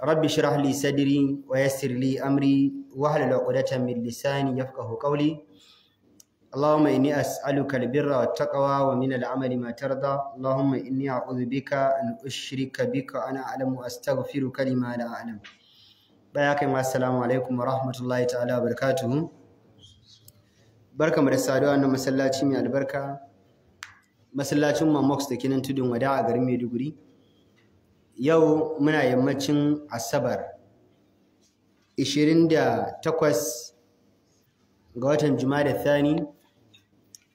rabbi shrah li sadri wa yassir li amri wahlul 'uqdatan min lisani yafqahu qawli اللهم إني أسألك البر والتقوى ومن العمل ما ترضى اللهم إني أعوذ بك أن أشرك بك أنا أعلم وأستغفرك لما لا أعلم kai ma assalamu alaikum wa rahmatullahi ta'ala wa barakatuhu barka mu da saduwa na masallaci mai albarka masallacin mamox da kinan tudun wada a garin maiduguri yau muna yammacin asabar 28 ga watan da thani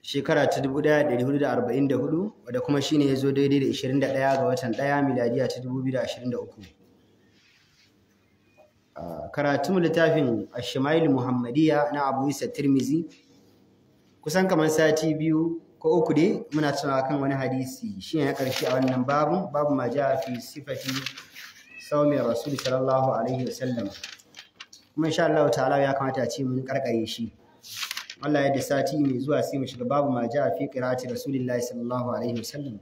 shekara ta 1444 wadda kuma shine ya zo daidai da 21 ga watan 1 miladiya ta 2023 karatun littafin ashimailu muhammadiya na abu isa tirmizi kusan kamar sati biyu ko uku dai muna tunawa kan wani hadisi shi ne na ƙarshe a wannan babu: babu ma ja fi sifati saumin rasul sallallahu alaihi wasallam kuma insha Allah ta'ala ya kamata a ce mun karkare shi Allah ya da sati mai zuwa sai mu shiga babu ma ja fi qira'ati rasulillahi sallallahu alaihi wasallam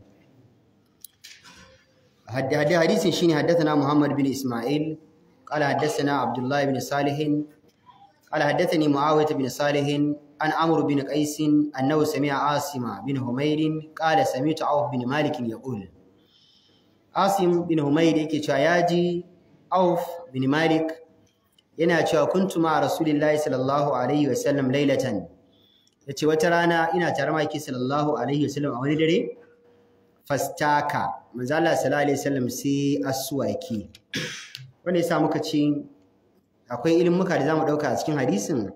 hadisi hadisin shine haddathana Muhammad bin Isma'il qala haddathana Abdullah bin Salihin qala haddathani Muawiyah bin Salihin عن عمرو بن قيس أنه سمع عاصم بن همير قال سمعت عوف بن مالك يقول عاصم بن همير ya ji عوف بن مالك yana cewa kuntu ma rasulillahi sallallahu alaihi wa sallam lailatan ce wata rana ina tare maki sallallahu alaihi wa sallam a wani dare fastaka manzala Allah sallallahu alaihi wa sallam sai aswaki wanda sa muka ce akwai ilimin muka da mu dauka a cikin hadisin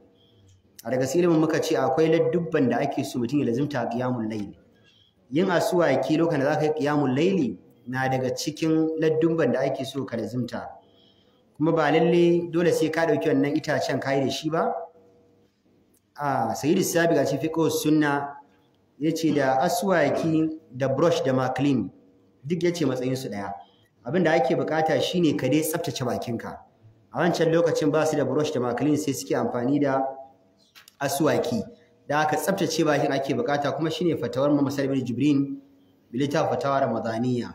a daga ilimin muka ce akwai ladubban da ake so mutum ya lazimta a qiyamul layl yin asuwa ke lokacin da ka yi qiyamul laili na daga cikin ladubban da ake so ka lazimta kuma ba lalle dole sai ka dauki wannan itacen kai da shi ba a sayyidu sabi ga cikin fiqh sunna yace da aswaki da brush da maklin duk yace matsayin su daya abin da ake bukata shine ka dai tsaftace bakinka a wancan lokacin ba su da brush da maklin sai suke amfani da asuwaki da aka tsabtace bakin ake bukata kuma shine fatawar mu masal bin jibrin bilita fatawa ramadaniya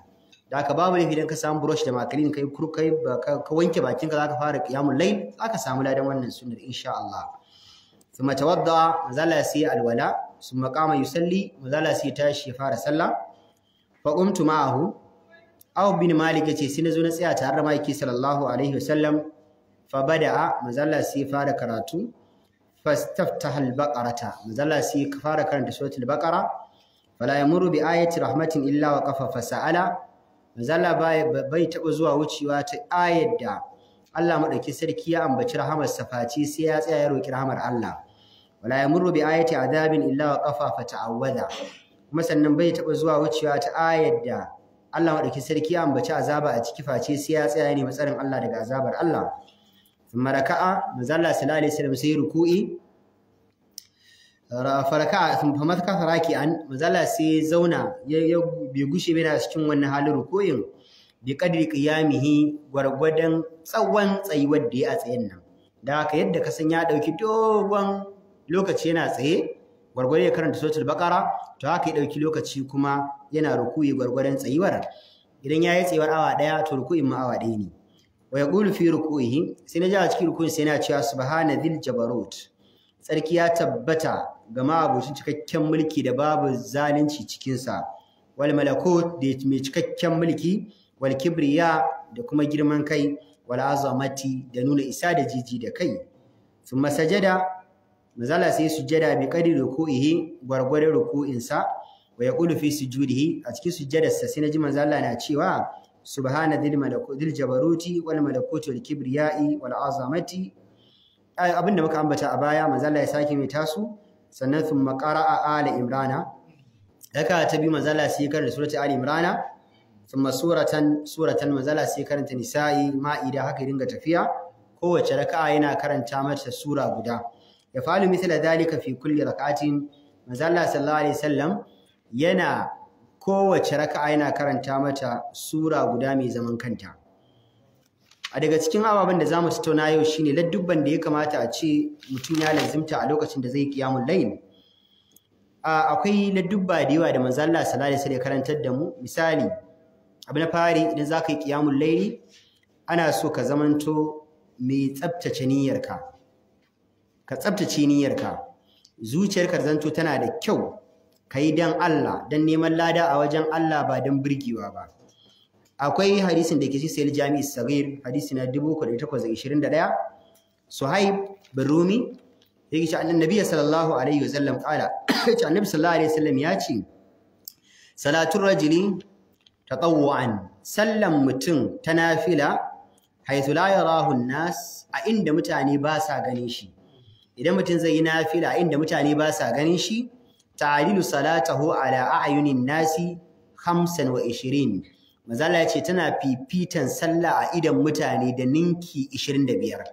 da aka babu ne idan ka samu brush da makalin kai kurkai ka wanke bakin ka zaka fara qiyamul layl zaka samu ladan wannan sunnar insha Allah thumma tawadda zala si alwala thumma qama yusalli zala si tashi fara salla fa qumtu ma'ahu aw bin malik ce sai nazo na tsaya tare da maiki sallallahu alaihi wasallam fa bada mazalla si fara karatu fastaftaha al-baqarata mazalla sai ka fara karanta suratul baqara fala yamuru bi ayati rahmatin illa wa qafa fasala mazalla bai bai taba zuwa wucewa ta ayar da Allah madauki sarki ya ambaci rahamar safaci sai ya tsaya ya roki rahamar Allah wala yamuru bi ayati adabin illa wa qafa fata'awwada kuma sannan bai taba zuwa wucewa ta ayar da Allah madauki sarki ya ambaci azaba a ciki face sai ya tsaya ne matsarin Allah daga azabar Allah thumma raka'a manzo Allah sallallahu alaihi wasallam sai ruku'i fa raka'a thumma mathaka raki'an manzo Allah sai zauna ya gushe bai cikin wannan halin ruku'in bi qadri qiyamihi gwargwadon tsawon tsayuwar da ya a tsayen nan da haka yadda ka san ya dauki dogon lokaci yana tsaye gwargwado ya karanta suratul baqara to haka ya dauki lokaci kuma yana rukuyi gwargwadon tsayuwar idan ya yi tsayuwar awa daya to rukuyin ma awa daya ne wa yaqulu fi ruku'ihi sai naji a cikin ruku'in sai yana cewa subhana dhil jabarut tsarki ya tabbata ga abocin cikakken mulki da babu zalunci cikin sa wal malakut da mai cikakken mulki wal kibriya da kuma girman kai wal azamati da nuna isa da jiji da kai thumma sajada mazala sai sujada bi qadri ruku'ihi gwargwadon sa. wa yaqulu fi sujudihi a cikin sujjadarsa sai naji manzo Allah na cewa subhana dil malakut dil jabaruti wal malakut wal kibriyai wal azamati abinda muka ambata a baya manzo Allah ya sake mai tasu sannan thumma qara'a ali imrana raka ta bi manzo Allah sai karanta surati ali imrana thumma suratan suratan manzo Allah sai karanta nisa'i ma'ida haka ringa tafiya kowace raka'a yana karanta mata sura guda ya falu mithla dhalika fi kulli rak'atin manzo Allah sallallahu alaihi wasallam yana kowace raka'a yana karanta mata sura guda mai zaman kanta a daga cikin ababen da za mu tattauna yau shine ladduban da ya kamata a ce mutum ya lazimta a lokacin da zai kiyamul layl akwai ladduba da yawa da manzo Allah sallallahu alaihi wasallam ya karantar da mu misali abu na fari idan za ka yi kiyamun layl ana so ka zamanto mai tsabtace niyyarka ka tsabtace niyyarka zuciyarka zanto tana da kyau kai dan Allah dan neman lada a wajen Allah ba dan birgewa ba akwai hadisin da ke ci sayil jami'i sagir hadisi na 1821 suhaib bin rumi yake ce annabi sallallahu alaihi wasallam kala ce annabi sallallahu alaihi wasallam ya ce salatul rajuli tatawwan sallan mutum ta nafila haythu la yarahu nas a inda mutane ba sa ganin shi idan mutum zai yi nafila a inda mutane ba sa ganin shi ta'dilu salatahu ala a'yunin nasi 25 ishirin, ya ce tana fifitan sallah a idan mutane da ninki 25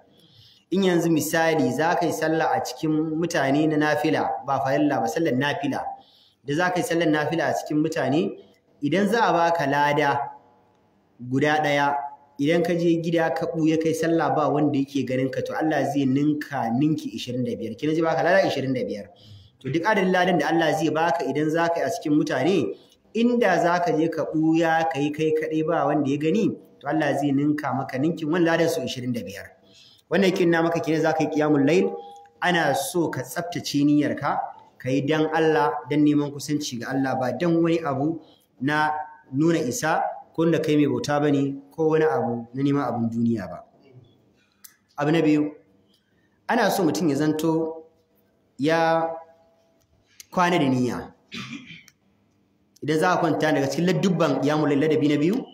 in yanzu misali za ka sallah a cikin mutane na nafila ba farilla ba sallar nafila da za sallar nafila a cikin mutane idan za a baka lada guda ɗaya idan ka je gida ka ɓuya kai sallah ba wanda yake ganin ka to Allah zai ninka ninki 25 kina ji baka lada 25 to duk adadin ladan da Allah zai baka idan za ka yi a cikin mutane inda ka je ka ɓuya ka yi kai kaɗai ba wanda ya gani to Allah zai ninka maka ninkin wani ladan su 25 wannan kin na maka kine zaka yi qiyamul lail? ana so ka tsaftace niyyarka ka yi dan Allah dan neman kusanci ga Allah ba dan wani abu na nuna isa ko da kai mai bauta ba ne, ko wani abu na neman abun duniya ba abu na biyu ana so mutum ya zanto ya kwana da niyya idan za a kwanta daga cikin ladubban ya ladabi na biyu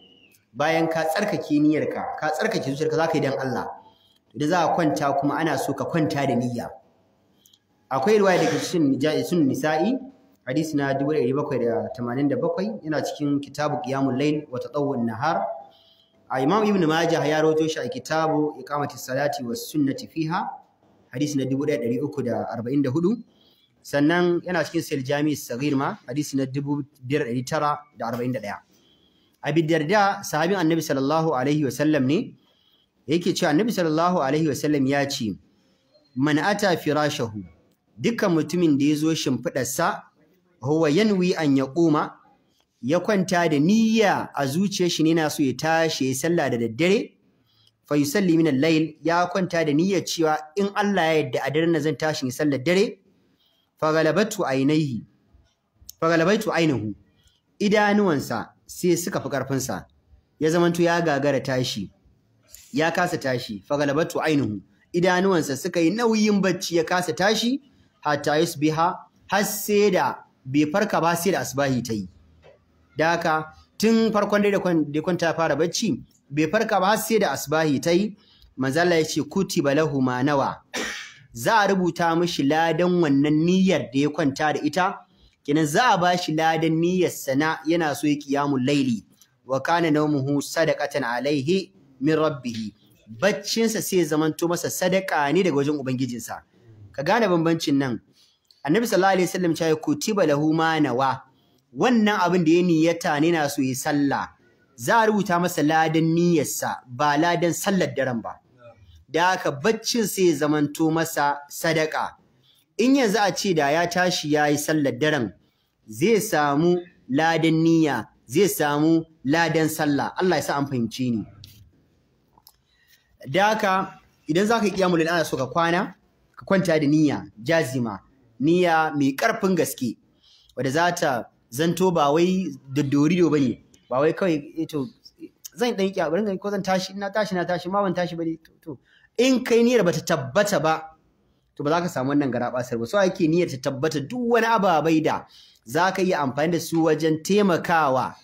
bayan ka tsarkake niyyarka ka tsarkake zuciyarka za ka yi dan Allah idan za a kwanta kuma ana so ka kwanta da niyya akwai ruwaya daga cikin sun nisa'i hadisi na 1787 yana cikin kitabu qiyamul layl wa tatawwun nahar a imam ibnu majah ya rawaito shi a kitabu iqamati salati was sunnati fiha hadisi na 1344 sannan yana cikin sel jami sagir ma hadisi na 1941 abi darda sahabin annabi sallallahu alaihi wasallam ne yake cewa annabi sallallahu alaihi wasallam ya ce man ata firashahu dukkan mutumin da ya zo shimfiɗarsa huwa yanwi an ya koma ya kwanta da niyya a zuciyar shi ne na so ya tashi ya sallah da daddare fa yusalli min al-layl ya kwanta da niyyar cewa in Allah ya yarda a daren zan tashi ni sallar dare fagalabatu ainihi fagalabaitu ainihu idanuwansa sai suka fi ƙarfinsa ya zamanto ya gagara tashi ya kasa tashi fagalabatu ainihu idanuwansa suka yi nauyin bacci ya kasa tashi hatta yusbiha har sai da bai farka ba sai da asbahi ta yi da haka tun farkon dai da kwanta fara bacci bai farka ba har sai da asbahi ta yi manzala ya ce kutiba lahu ma nawa za a rubuta mishi ladan wannan niyyar da ya kwanta da ita kenan za a bashi ladan niyyar sana yana so ya kiyamu laili wa kana nawmuhu sadaqatan alaihi min rabbih baccinsa sai zamanto masa sadaka ne daga wajen ubangijinsa ka gane bambancin nan annabi sallallahu alaihi wasallam ya kutiba lahu ma nawa wannan abin da ya niyyata ne na so ya sallah za a rubuta masa ladan niyyarsa ba ladan sallar daren ba da haka baccin sai ya zamanto masa sadaka in yanzu a ce da ya tashi ya yi sallar daren zai samu ladan niyya zai samu ladan sallah Allah ya sa an fahimci ni da haka idan za ka yi kiyamul ana so ka kwana ka kwanta da niyya jazima niyya mai karfin gaske wadda za ta zanto ba wai da bane ba wai kawai eh, to zan ɗan yi bari ko zan tashi na tashi na tashi ma ban tashi to, to in kai niyyar bata tabbata ba to ba za ka samu wannan garabasar ba so ake niyyar ta tabbata duk wani ababai da za ka yi amfani da su wajen taimakawa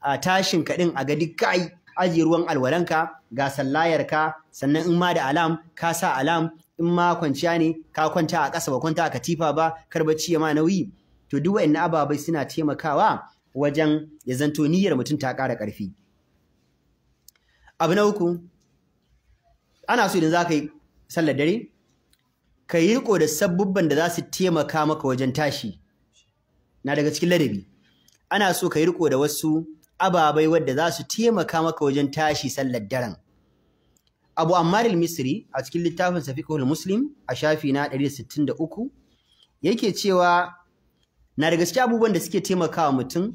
a tashin kaɗin a gadi kai ajiye ruwan alwalanka ga sallayarka sannan in ma da alam ka sa alam in ma kwanciya ne ka kwanta a ƙasa ba kwanta a katifa ba kar bacci ya ma nauyi to duk wa'annan ababai suna taimakawa wajen ya zanto niyyar mutum ta ƙara ƙarfi abu na uku ana so idan za ka yi sallar dare ka yi riko da sabubban da za su taimaka maka wajen tashi na daga cikin ladabi ana so ka yi riko da wasu ababai wadda za su taimaka maka wajen tashi sallar daren Abu Ammar misri a cikin littafin Safiqul Muslim a shafi na 163 yake cewa na daga cikin abubuwan da suke taimakawa mutum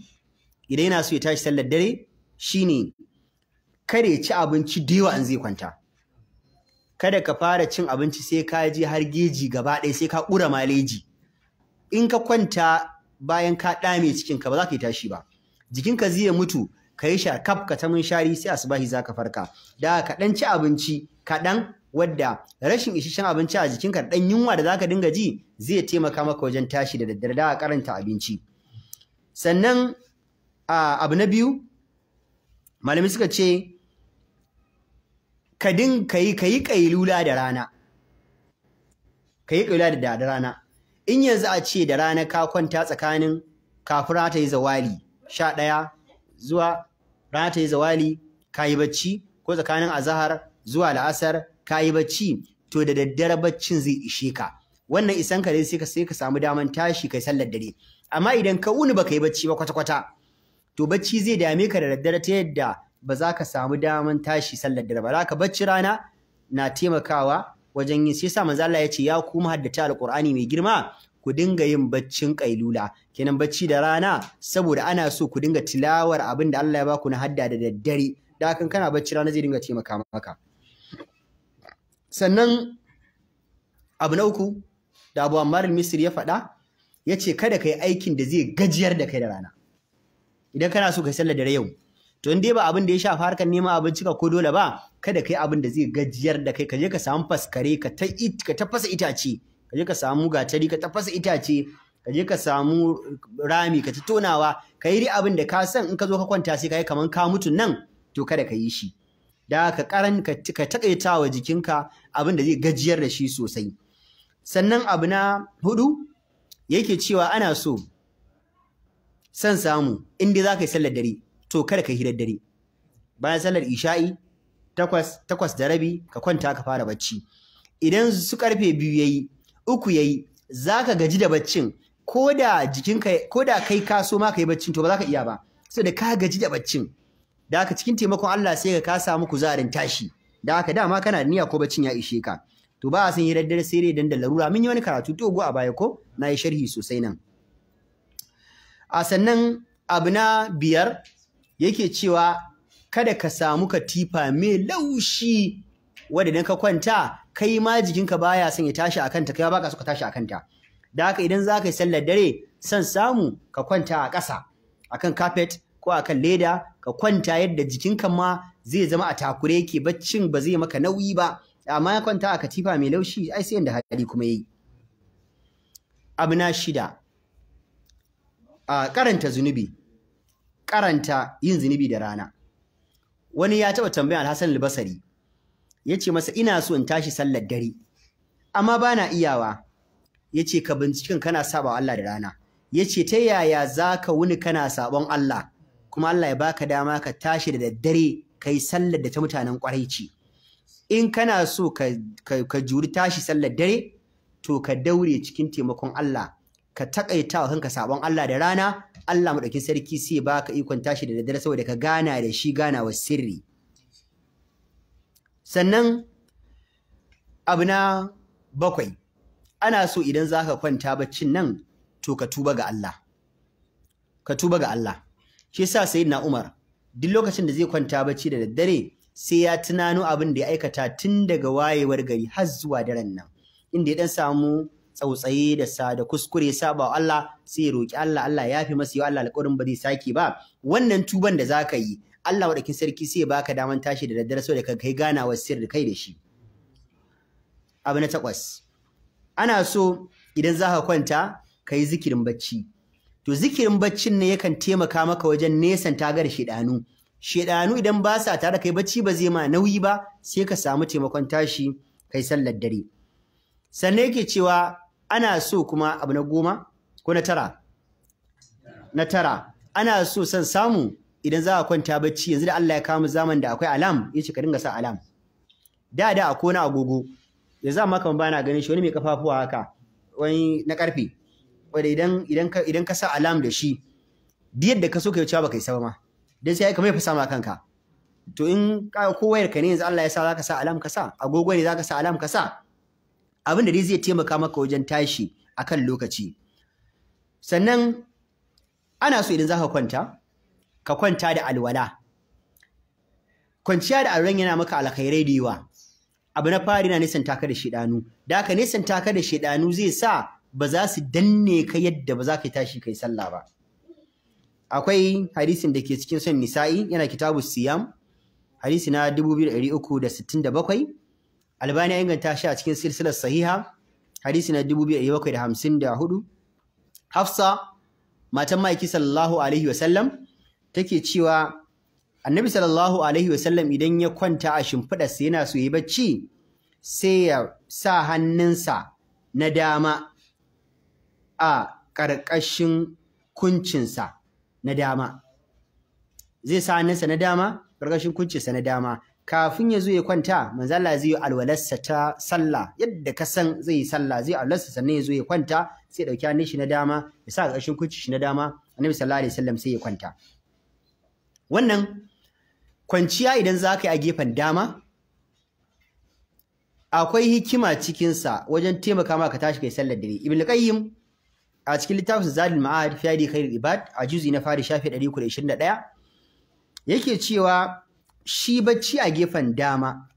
idan yana so ya tashi sallar dare shine kare ci abinci da yawa in zai kwanta kada ka fara cin abinci sai ka ji har geji gaba ɗaya sai ka ƙura maleji in ka kwanta bayan ka ɗame ka ba za ka yi tashi ba jikinka zai mutu ka yi shakaf ka ta munshari sai asubahi za ka farka da ka ɗan ci abinci kaɗan wadda rashin isasshen abinci a jikinka da ɗan yunwa da za ka dinga ji zai taimaka maka wajen tashi da daddare da karanta abinci sannan ah, abu na biyu malamai suka ce ka din ka yi ka yi kailula da rana ka yi kailula da rana in yanzu a ce da rana ka kwanta tsakanin kafin ta yi zawali sha ɗaya zuwa rana ta yi zawali ka yi bacci ko tsakanin azahar zuwa la'asar ka yi bacci to da daddare baccin zai ishe ka wannan isan ka dai sai ka samu daman tashi kai sallar dare amma idan ka wuni baka yi bacci ba kwata-kwata to bacci zai dame ka da daddare ta yadda ba za ka samu daman tashi sallar dare ba za ka bacci rana na taimakawa wajen yin sai sa manzo Allah ya ce ya kuma haddace alqur'ani mai girma ku dinga yin baccin kailula kenan bacci da rana saboda ana so ku dinga tilawar abin da Allah ya baku na hadda da daddare da kan kana bacci rana zai dinga taimaka maka sannan abu na uku da Abu Ammar al-Misri ya faɗa yace kada ka yi aikin da zai gajiyar da kai da rana idan kana so ka sallar dare yau to in dai ba abin da ya shafa harkar neman abinci ka ko dole ba kada kai abin da zai gajiyar da kai ka je ka samu faskare ka ta ka ta itace ka je ka samu gatari ka ta itace ka je ka samu rami ka ta tonawa ka yi abin da ka san in ka zo ka kwanta sai ka yi kaman ka mutu nan to kada ka yi shi da ka karan ka takaita wa jikinka abin da zai gajiyar da shi sosai sannan abu na hudu yake cewa ana so san samu in dai za ka yi sallar dare to kada ka hirar dare bayan sallar isha'i takwas takwas da rabi ka kwanta ka fara bacci idan su karfe biyu yayi uku yayi zaka gaji da baccin ko da jikinka ko kai ka so ma kai baccin to ba za ka iya ba saboda ka gaji da baccin da haka cikin taimakon Allah sai ka ka samu kuzarin tashi da haka dama kana da niyya ko baccin ya ishe ka to ba a san hirar dare sai dai dan larura mun yi wani karatu to go a baya ko na yi sharhi sosai nan a sannan abu na biyar yake cewa kada ka samu katifa mai laushi wadda idan ka kwanta kai ma jikinka baya son ya tashi a kanta kai baka so ka tashi a kanta da haka idan za ka yi sallar dare son samu ka kwanta a ƙasa akan kafet ko akan leda ka kwanta yadda jikinka ma zai zama a takure yake baccin ba zai maka nauyi ba amma ya kwanta a katifa mai laushi ai sai yanda hali kuma yayi abu na shida a karanta zunubi karanta yin zunubi da rana wani ya taɓa tambaya Alhassan Albasari ya ce masa ina so in tashi sallar dare amma ba na iyawa ya ce ka binciken kana saba Allah da rana ya ce ta yaya za ka wuni kana sabon Allah kuma Allah ya baka dama ka tashi da daddare ka yi sallar da ta mutanen ƙwarai ce in kana so ka juri tashi sallar dare to ka daure cikin taimakon Allah ka taƙaita wa kanka sabon Allah da rana Allah madaukin sarki sai baka ikon tashi da daddare saboda ka gana da shi ganawa sirri sannan abu na bakwai ana so idan zaka kwanta baccin nan to ka tuba ga Allah ka tuba ga Allah shi yasa sayyidina Umar duk lokacin da zai kwanta bacci da daddare sai ya tunano abin da ya aikata tun daga wayewar gari har zuwa daren nan inda ya dan samu Tsautsaye da sa da kuskure saba Allah sai roki Allah Allah ya fi masa yau Allah alƙawarin ba zai sake ba wannan tuban da zaka yi Allah wadakin sarki sai baka daman tashi da daddare da ka kai ganawar sirri kai da shi abu na takwas ana so idan zaka kwanta ka zikirin bacci to zikirin baccin ne yakan taimaka maka wajen nesan tagar da shedanu shedanu idan ba sa tare kai bacci ba zai ma nauyi ba sai ka samu taimakon tashi kai sallar dare sannan yake cewa ana so kuma abu na goma ko na tara na tara ana so san samu idan za a kwanta bacci yanzu da Allah ya kawo zaman da akwai alam ce ka dinga sa alam da da a na agogo Ya za maka kan bana ganin shi wani mai kafafuwa haka wani na karfe wanda idan idan ka idan ka sa alam da shi diyar da ka so ka yi ba kai saba ma dan sai kamar ya fasa ma kanka to in ka ko wayar ka ne yanzu Allah ya sa zaka sa alam ka sa agogo ne zaka sa alam ka sa abin da dai zai taimaka maka wajen tashi akan lokaci sannan ana so idan zaka kwanta ka kwanta da alwala kwanciya da alwalan yana maka alkhairai da yawa abu na fari na nisan taka da shiɗanu, da haka nisan taka da shiɗanu zai sa ba za su danne ka yadda ba za ka tashi kai sallah ba akwai hadisin da ke cikin son nisa'i yana kitabu siyam hadisi na bakwai. albani ya inganta shi a cikin silsilar sahiha hadisi na 2754 hafsa matan Maiki sallallahu alaihi wa sallam take cewa annabi sallallahu alaihi wa sallam, idan ya kwanta a sai yana so yayi bacci sai ya sa hannunsa na dama a ƙarƙashin kuncinsa na dama zai sa hannunsa na dama ƙarƙashin kuncinsa na dama kafin ya zo ya kwanta manzo Allah zai yi alwalarsa ta sallah yadda ka san zai yi sallah zai alwalarsa sannan ya zo ya kwanta sai dauki hannun shi na dama ya sa ƙarshen kucin shi na dama annabi sallallahu alaihi wasallam sai ya kwanta wannan kwanciya idan za ka yi a gefen dama akwai hikima cikinsa wajen taimaka maka tashi kai sallar dare ibn qayyim a cikin littafin zadul ma'ad fi hadi khairul ibad a juzi na fari shafi 121 yake cewa shi bacci a gefen dama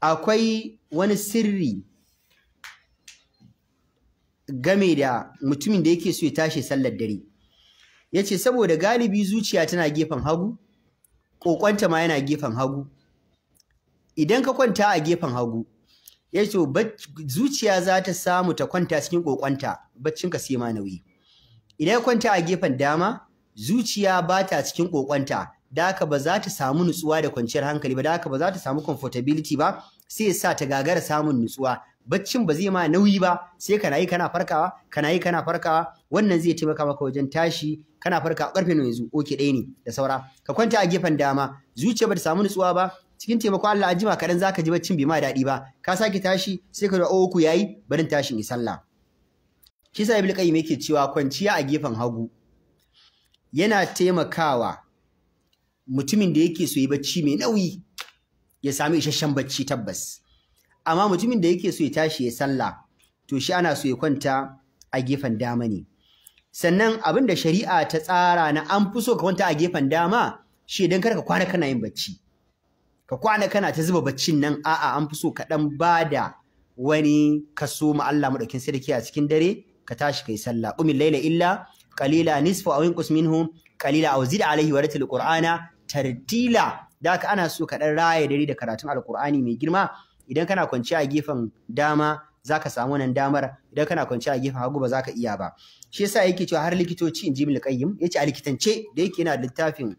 akwai wani sirri game da mutumin da yake so ya tashi sallar dare ya ce saboda galibi zuciya tana gefen hagu ƙoƙonta ma yana gefen hagu idan ka kwanta a gefen hagu ya ce zuciya za ta samu ta kwanta cikin ƙoƙonta baccinka sai ma nauyi idan ka kwanta a gefen dama zuciya ba ta cikin ƙoƙonta da haka ba za ta samu nutsuwa da kwanciyar hankali ba da haka ba za ta samu comfortability ba sai sa ta gagara samun nutsuwa baccin ba zai ma nauyi ba sai kana yi kana farkawa kana yi kana farkawa wannan zai taimaka maka wajen tashi kana farka karfe nawa yanzu oke ɗaya ne da saura ka kwanta a gefen dama zuciya ba ta samu nutsuwa ba cikin taimakon Allah jima kaɗan zaka ji baccin bai ma daɗi ba ka sake tashi sai ka o oh, ku yayi barin tashin yi sallah shi sa ibnu qayyim cewa kwanciya a gefen hagu yana taimakawa mutumin da yake so yi bacci mai nauyi ya sami isasshen bacci tabbas amma mutumin da yake so ya tashi ya sallah to shi ana so ya kwanta a gefen dama ne sannan abin da shari'a ta tsara na an fi so ka kwanta a gefen dama shi idan kar ka kwana kana yin bacci ka kwana kana ta zuba baccin nan a'a an fi so ka dan bada wani kaso ma Allah madaukin sarki a cikin dare ka tashi kai sallah umil laila illa qalila nisfu aw inqus minhu qalila aw zid alayhi wa ratil qur'ana tartila da haka ana so ka dan raya dare da karatun alkur'ani mai girma idan kana kwanciya a gefen dama za samu nan damar idan kana kwanciya a gefen hagu ba za iya ba shi yasa yake cewa har likitoci in ji mil qayyim yace a likitance da yake yana da littafin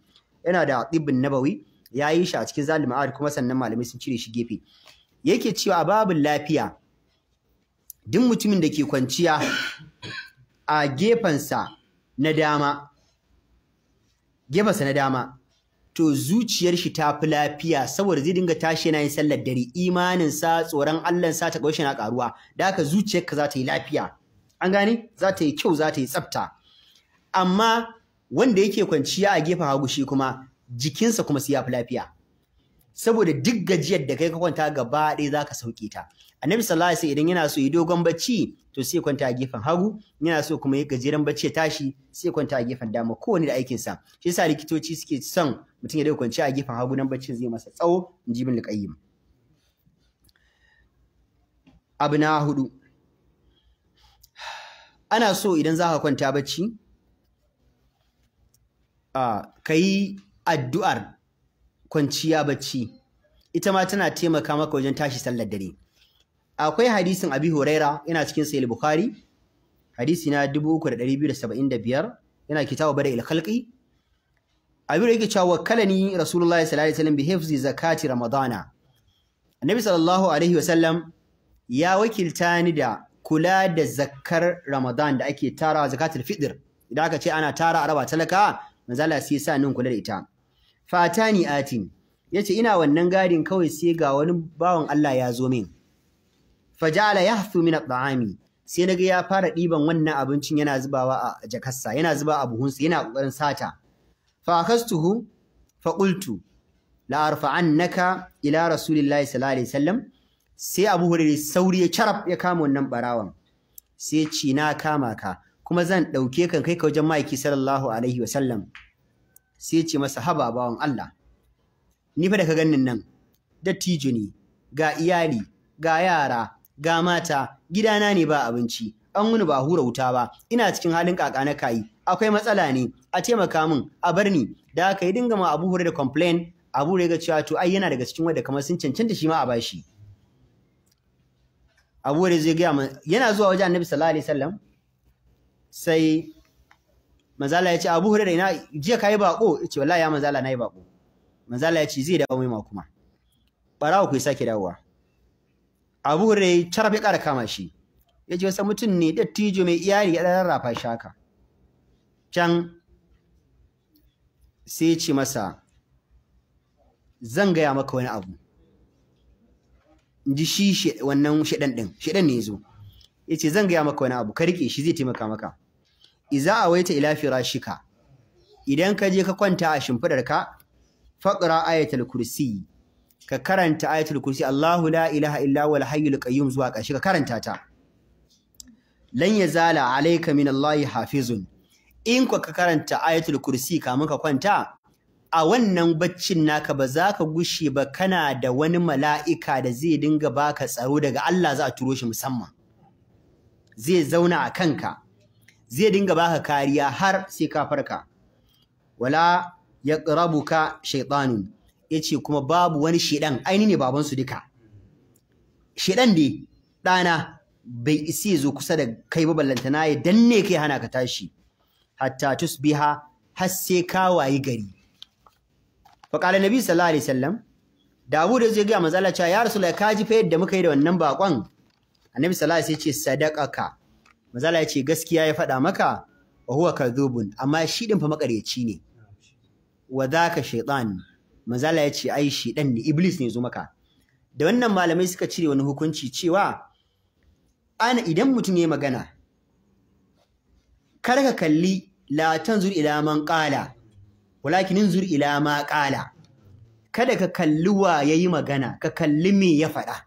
yana da tibbin nabawi ya yi shi a cikin zalim ma'ad kuma sannan malamai sun cire shi gefe yake cewa a babin lafiya duk mutumin da ke kwanciya a gefensa na dama gefensa na dama to zuciyar shi ta fi lafiya saboda zai dinga tashi yana yin sallar dare imanin sa tsoron Allah sa ta gaushe na karuwa da haka zuciyarka za ta yi lafiya an gane za ta yi kyau za ta yi tsafta amma wanda yake kwanciya a gefen hagu shi kuma jikinsa kuma sai ya fi lafiya saboda duk gajiyar da kai ka kwanta gaba ɗaya ka sauke ta annabi sallallahu alaihi idan yana so ya dogon bacci to sai kwanta a gefen hagu yana so kuma yi gajeren bacci ya tashi sai kwanta a gefen dama kowane da aikin sa shi yasa likitoci suke son mutum ya dauka kwanci a gefen hagu nan baccin zai masa tsawo in jibin liqayyim abu na hudu ana so idan za ka kwanta bacci ka yi addu'ar kwanciya bacci ita ma tana taimaka maka wajen tashi sallar dare akwai hadisin abi huraira yana cikin sahih bukhari hadisi na 3275 yana kitabu bada il khalqi abi yake cewa wakkalani rasulullahi sallallahu alaihi wasallam bi hifzi zakati ramadana annabi sallallahu alaihi wasallam ya wakilta ni da kula da zakar ramadan da ake tara zakatul fitr idan aka ce ana tara a raba talaka manzo Allah sai sa nin kula da ita fatani atin ya ce, ina wannan gadin kawai sai ga wani bawan Allah ya zo min fajala ya min at-ta'ami sai na ga ya fara ɗiban wannan abincin yana zubawa a jakarsa yana zuba a buhunsa yana ƙoƙarin sata fakastuhu faƙultu fa qultu naka ila rasulillahi sallallahu alaihi wasallam sai Abu Hurairah sauri ya carab ya kama wannan barawan sai ce na kama ka kuma zan ɗauke kan kai ka wajen ma'aiki sallallahu alaihi wasallam sai ce masa haba bawan Allah ni fa da ka ganin nan dattijo ne ga iyali ga yara ga mata gidana ne ba abinci an wuni ba hura wuta ba ina cikin halin kaka na kayi akwai matsala ne a taimaka min a bar ni da aka yi dinga ma abu da complain abu da ga cewa to ai yana daga cikin wanda kamar sun cancanta shi ma a bashi abu da zai gaya yana zuwa wajen annabi sallallahu alaihi wasallam sai manzala ya ce Abu da ina jiya yi bako ya ce wallahi ya manzala yi bako manzala ya ce zai dawo mai ma kuma ku ku sake dawowa Abu Hurairah charaf ya kara kama shi ya ce wasa mutum ne dattijo mai iyali ya ɗan rafa shi haka can sai ya ce masa zan gaya maka wani abu In ji shi wannan shaɗan ɗin shaɗan ne ya zo ya ce zan gaya maka wani abu ka riƙe shi zai taimaka maka iza waita ila firashika idan ka je ka kwanta a ka, faqra ayatul kursi ka karanta ayatul kursi Allahu la ilaha illa huwal hayyul qayyum zuwa ƙarshe ka karanta ta lan yazala alayka min Allahi hafizun in ka karanta ayatul kursi kamun ka kwanta a wannan baccin naka ba za ka gushe ba kana da wani mala'ika da zai dinga baka tsaro daga Allah za a turo shi musamman zai zauna a kanka zai dinga baka kariya har sai ka farka wala yaqrabuka shaytanun yace kuma babu wani shedan aini ne baban su duka shedan ne dana bai isi zo kusa da kai ba na ya danne kai hana ka tashi hatta tusbiha har sai ka wayi gari fa kala nabi sallallahu alaihi wasallam Dawud ya ga manzo cewa ya rasulullahi ka ji fa yadda muka yi da wannan bakon annabi sallallahu alaihi wasallam ya ce sadaqaka mazala ya ce gaskiya ya faɗa maka wa huwa kadhubun amma shi din fa makaryaci ne wa dhaka shaytan mazala ya ce ai ɗan ne iblis ne zo maka da wannan malamai suka cire wani hukunci cewa ana idan mutum ya magana kar ka kalli la tanzur ila man qala walakin inzur ila ma qala kada ka kalli wa yayi magana ka kalli me ya faɗa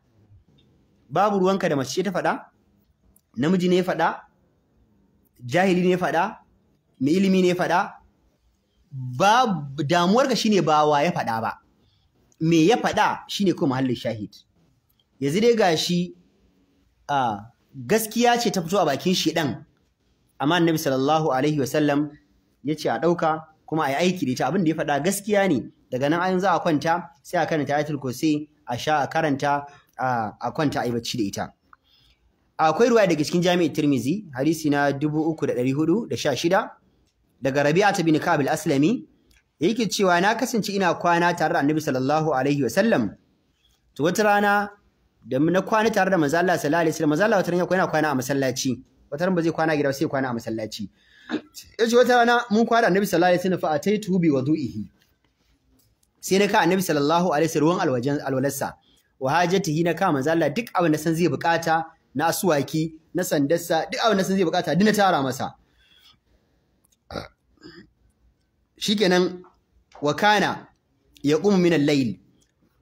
babu ruwanka da mace ta faɗa namiji ne faɗa jahili ne faɗa mai ilimi ne faɗa ba damuwarka shine ba wa ya faɗa ba me ya faɗa shine ko mahallin shahid yanzu dai gashi a gaskiya ce ta fito a bakin shi dan. amma annabi sallallahu alaihi wasallam ya ce a ɗauka kuma a yi aiki da ita abin da ya faɗa gaskiya ne daga nan an za a kwanta sai a karanta ayatul kursi a sha a karanta a kwanta a yi bacci da ita akwai ruwa daga cikin jami'in tirmizi hadisi na 3416 daga rabi'a ta bin kabil aslami yake cewa na kasance ina kwana tare da annabi sallallahu alaihi wa sallam to wata rana da na kwana tare da manzo Allah sallallahu alaihi wasallam manzo Allah wata rana yana kwana a masallaci wata rana ba zai kwana gida sai kwana a masallaci yace wata rana mun kwana annabi sallallahu alaihi wasallam fa ataitu bi wudu'ihi sai na ka annabi sallallahu alaihi wasallam alwajan alwalarsa wa hajatihi na ka manzo Allah duk abin da san zai bukata na suwaki na sandarsa duk abin da sun zai bukata duk na tara masa shikenan wa kana yaqumu min al-layl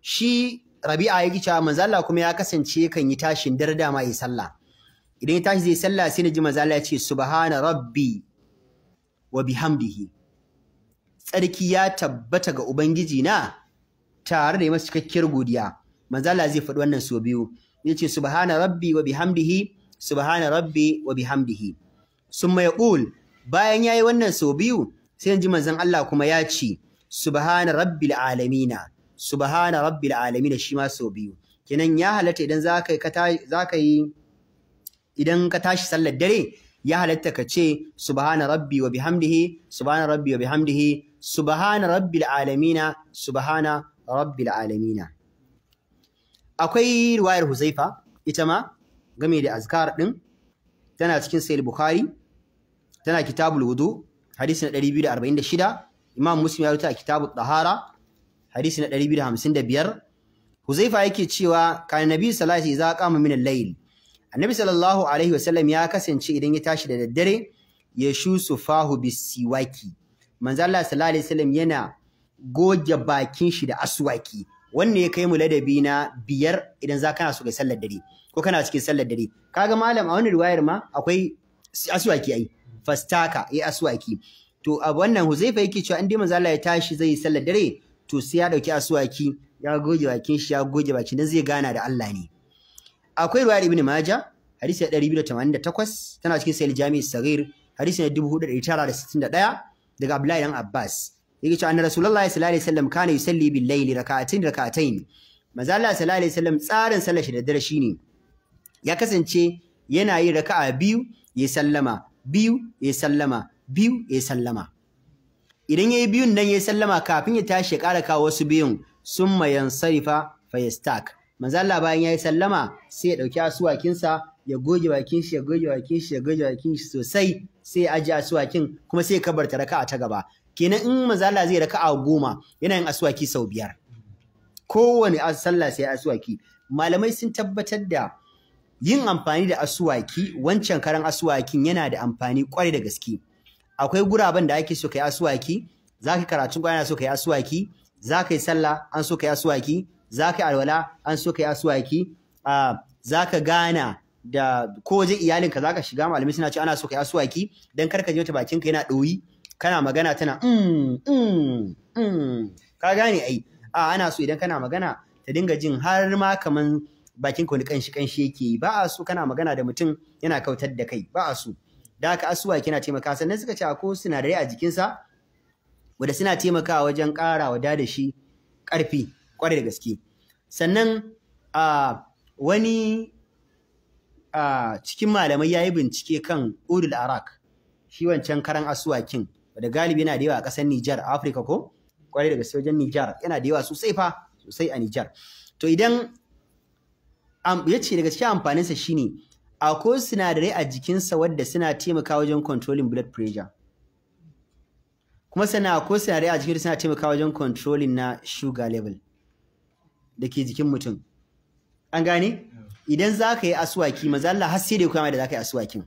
shi Rabi'a ya cewa manzo Allah kuma ya kasance kan yi tashin dare dama yi sallah idan ya tashi zai salla sai na ji manzo ya ce subhana rabbi wa bihamdihi tsarki ya tabbata ga ubangiji na tare da yi masa cikakkiyar godiya manzo Allah zai faɗi wannan so biyu yace subhana rabbi wa bihamdihi subhana rabbi wa bihamdihi summa yaqul bayan yayi wannan sau biyu sai na ji manzon Allah kuma ya ce subhana rabbil alamina subhana rabbil alamina shi ma sau biyu kenan ya halatta idan zaka yi idan ka tashi sallar dare ya halatta ka ce subhana rabbi wa bihamdihi subhana rabbi wa bihamdihi subhana rabbil alamina subhana rabbil alamina akwai riwayar Huzaifa ita ma game da azkar din tana cikin Sahih Bukhari tana Kitabul Wudu hadisi na 246 Imam Muslim ya rubuta Kitabut Tahara hadisi na 255 Huzaifa yake cewa kan Nabi sallallahu alaihi wasallam idza qama min al-layl Annabi sallallahu alaihi wasallam ya kasance idan ya tashi da daddare ya shusu fahu bisiwaki manzo Allah sallallahu alaihi wasallam yana goge bakin shi da aswaki Wannan ya kai mu ladabi na biyar idan za kana so kai sallar dare ko kana cikin sallar dare kaga malam a wani riwayar ma akwai aswaki ai fastaka ya eh, aswaki to a wannan huzaifa yake cewa in dai manzo Allah ya tashi zai yi sallar dare to sai ya dauki aswaki ya goge bakin shi ya goge baki dan zai gana da Allah ne akwai riwayar ibnu maja hadisi 288 tana cikin sahih jami'i sagir hadisi na 4961 daga Abdullahi dan Abbas yake cewa anna sallallahu alaihi wasallam kana yusalli bil layli rak'atayn rak'atayn manzo Allah sallallahu alaihi wasallam tsarin sallar shi da dare shine ya kasance yana yin raka'a biyu ya sallama biyu ya sallama biyu ya sallama idan yayi biyun nan ya sallama kafin ya tashi ya ƙara kawo wasu biyun summa yansarifa yastak manzo Allah bayan yayi sallama sai ya dauki asuwakinsa ya goge bakin shi ya goge bakin shi ya goge bakin shi sosai sai ya ajiye aswakin kuma sai ya kabarta raka'a ta gaba kenan in mazala zai raka'a goma yana yin asuwaki sau biyar kowane sallah sai asuwaki malamai sun tabbatar da yin amfani da aswaki wancan karan aswakin yana da amfani kwarai da gaske akwai guraben da ake so kai asuwaki za ka karatun kwana so kai aswaki za ka yi sallah an so kai asuwaki za ka yi alwala an so kai asuwaki za ka gana da ko iyalin iyalinka zaka shiga malamai suna ce ana so kai asuwaki dan karka je bakin bakinka yana doyi kana magana tana mm mm mm ka gane ai a ana so idan kana magana ta dinga jin har ma kaman bakinka wani kanshi kanshi yake yi ba a so kana magana da mutum yana kautar da kai ba a so da haka asuwaki yana taimaka sannan suka ce ko sinadarai a jikinsa wanda suna taimakawa wajen kara wa da shi ƙarfi kwarai da gaske sannan a wani cikin malamai ya yi bincike kan Udul Arak shi wancan karan asuwakin wadda galibi yana da yawa a ƙasar Nijar a Afirka ko kwarai daga sojan Nijar yana da yawa sosai fa sosai a Nijar to idan ya ce daga cikin amfaninsa shi a akwai sinadarai a jikinsa wadda suna taimaka wajen controlling blood pressure kuma sannan akwai sinadarai a jikinsa suna taimaka wajen controlling na sugar level da ke jikin mutum an gane idan za ka yi asuwaki, maza Allah har sai da ya koya da za ka yi asuwakin.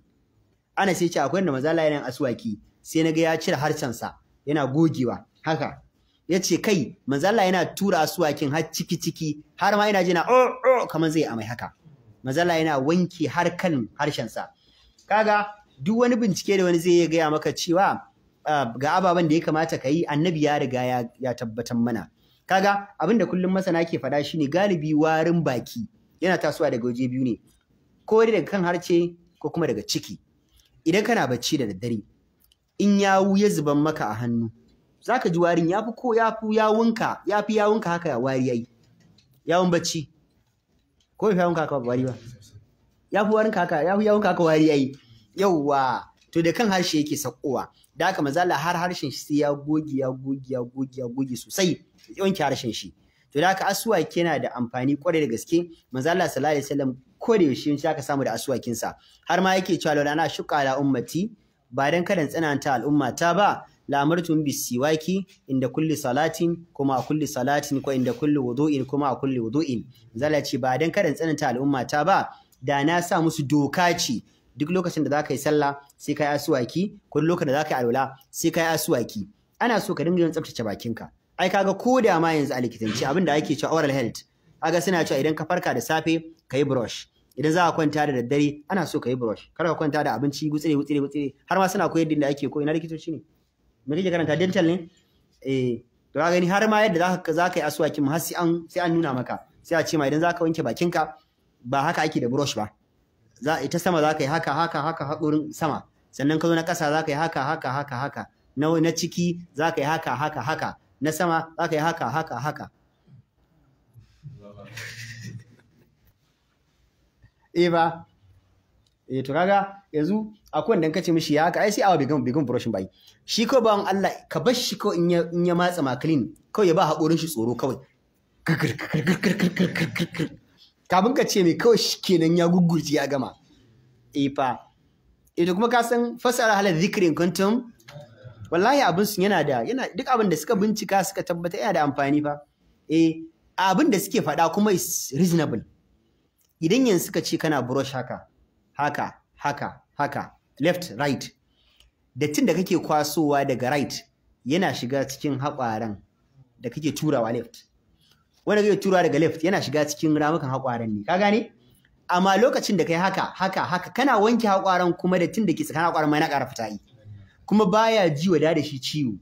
ana sai ce akwai wanda maza yana yin aswaki sai na ga ya cire harcensa yana gogewa haka ya ce kai maza yana tura asuwakin har ciki ciki har ma yana jina oh oh kamar zai amai haka maza yana wanke har kan harshensa kaga duk wani bincike da wani zai iya gaya maka cewa ah, ga ababen da ya kamata ka yi annabi ya riga ya tabbatar mana kaga abin da kullum masana ke faɗa shine galibi warin baki yana tasowa daga waje biyu ne ko dai daga kan harce ko kuma daga ciki idan kana bacci da daddare in yawu ya zuban maka a hannu Za ka ji warin fi ko fi yawunka fi yawunka haka wari yi. yawun bacci ko fi yawunka haka wari ba fi warinka haka fi yawunka haka wari ya yi. yauwa to da kan harshe yake sakowa da haka mazala har harshen shi sai ya goge ya goge ya goge ya goge sosai ya wanke harshen shi to da haka asuwaki yana da amfani kwarai da gaske manzo Allah sallallahu alaihi wasallam ko da yaushe shi aka samu da asuwakin sa har ma yake cewa lana shuka ala ummati ba dan ta tsananta al'umma ta ba la'amartum bis siwaki inda kulli salatin kuma a kulli salatin ko inda kulli wudu'in kuma a kulli wudu'in zalla ce ba dan kadan tsananta al'umma ta ba da na sa musu doka ce duk lokacin da za ka yi sallah sai ka asuwaki ko lokacin da za ka yi alwala sai ka asuwaki ana so ka dinga yin tsaftace bakinka ai kaga ko da ma yanzu a likitanci abin da ake cewa oral health kaga suna cewa idan ka farka da safe ka yi brush idan za ka kwanta da daddare ana so ka yi brush kar ka kwanta da abinci gutsire gutsire gutsire har ma suna koyar da ake ko ina likitoci ne me kake karanta dental ne eh to ka gani har ma yadda za ka yi aswakin har sai an sai an nuna maka sai a ce ma idan za ka wanke bakinka ba haka ake da brush ba za ita sama za ka yi haka haka haka hakurin sama sannan ka zo na ƙasa za ka yi haka haka haka haka na ciki za ka yi haka haka haka na sama za ka yi haka haka haka eh ba eh, to kaga yanzu akwai wanda kace mishi ya haka ai sai awa bigan bigan brushin bai shi ko bawan Allah ka bar shi ko in ya in ya matsa maklin kawai ya ba hakorin shi tsoro kawai Kabin ka ce mai kawai shi kenan ya gugurji ya gama Ifa, eh ita eh, kuma ka san fasara halal zikirin kuntum wallahi abin su yana da yana duk abin da suka bincika suka tabbata yana da amfani fa eh abin da suke faɗa kuma is reasonable idan yanzu suka ce kana brush haka haka haka haka left right dattin da kake kwasowa daga right yana shiga cikin haƙwaran da kake turawa left wanda kake turawa daga left yana shiga cikin ramukan haƙwaran ne ka gane amma lokacin da kai haka haka haka kana wanke haƙwaran kuma dattin da ke tsakanin haƙwaran mai na ƙara fita yi kuma baya ji wa da shi ciwo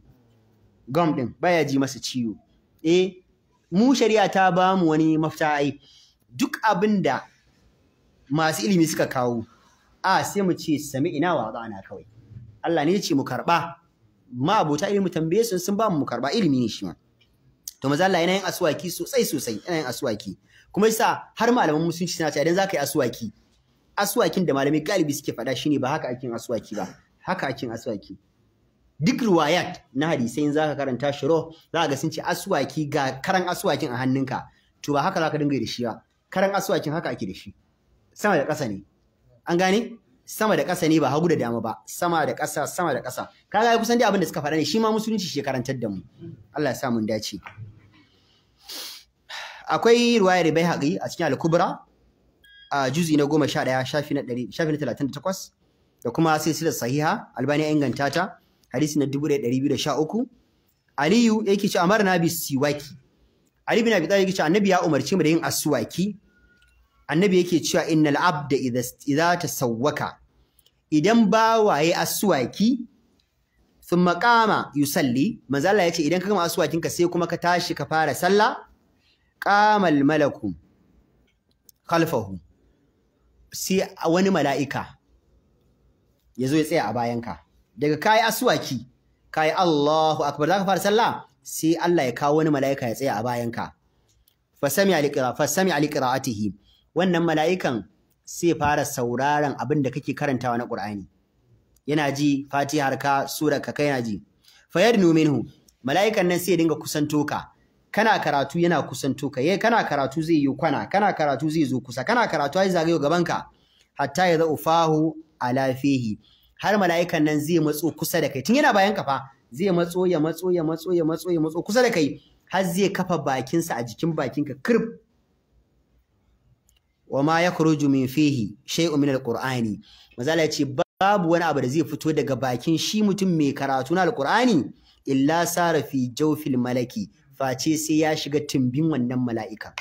gam din baya ji masa ciwo eh mu shari'a ta ba mu wani mafita ai duk abin da masu ilimi suka kawo a sai mu ce sami ina wa ana kawai Allah ne ya ce mu karba ma abota ilimi tambaye sun sun ba mu karba ilimi ne shi ma to maza Allah yana yin aswaki sosai sosai yana yin aswaki kuma yasa har malaman musulunci suna cewa idan zaka yi aswaki aswakin da malamai galibi suke faɗa shine ba haka ake yin aswaki ba haka akin aswaki duk riwayat na hadisai in zaka karanta shiro za ga sun ce aswaki ga karan aswakin a hannunka to ba haka zaka dinga da shi ba karan aswakin haka ake da shi sama da ƙasa ne an gane sama da ƙasa ne ba hagu da dama ba sama da ƙasa sama da ƙasa kaga ya kusan dai abin da suka faɗa ne shi ma musulunci shi karantar da mu Allah ya sa mun dace akwai ruwayar bai haƙi a cikin al-kubra a juzi na goma sha ɗaya shafi na talatin da takwas da kuma silsilar sahiha albani ya inganta ta hadisi na uku. aliyu yake ce na bi siwaki ali bin abi talib yake ce annabi ya umarci mu da yin aswaki annabi yake cewa innal abda idza ta tasawwaka idan bawaye aswaki sun makama yusalli manzo Allah ya ce idan ka gama ka sai kuma ka tashi ka fara sallah qamal malaku khalfahu sai wani mala'ika ya zo ya tsaya a bayanka daga kayi asuwaki kayi Allahu akbar zaka fara sallah sai Allah ya kawo wani mala'ika ya tsaya a bayanka fa sami aliqra fa sami wannan mala'ikan sai fara sauraron abin da kake karantawa na Qur'ani yana ji Fatihar ka surar ka kai yana ji fa yadnu minhu mala'ikan nan sai dinga kusanto ka kana karatu yana kusanto ka yayi eh, kana karatu zai yi kwana kana karatu zai zo kusa kana karatu ai zagayo gaban ka hatta ya fahu ala fihi har mala'ikan nan zai matso kusa da kai tun yana bayan kafa zai matso ya matso ya matso ya matso ya matso kusa da kai har zai kafa bakinsa a jikin bakinka kirb wa ma yakhruju min fihi shay'un min alqur'ani mazala ya ce babu wani abu da zai fito daga bakin shi mutum mai karatu na alqur'ani illa sara fi jawfil malaki face sai ya shiga tumbin wannan mala'ika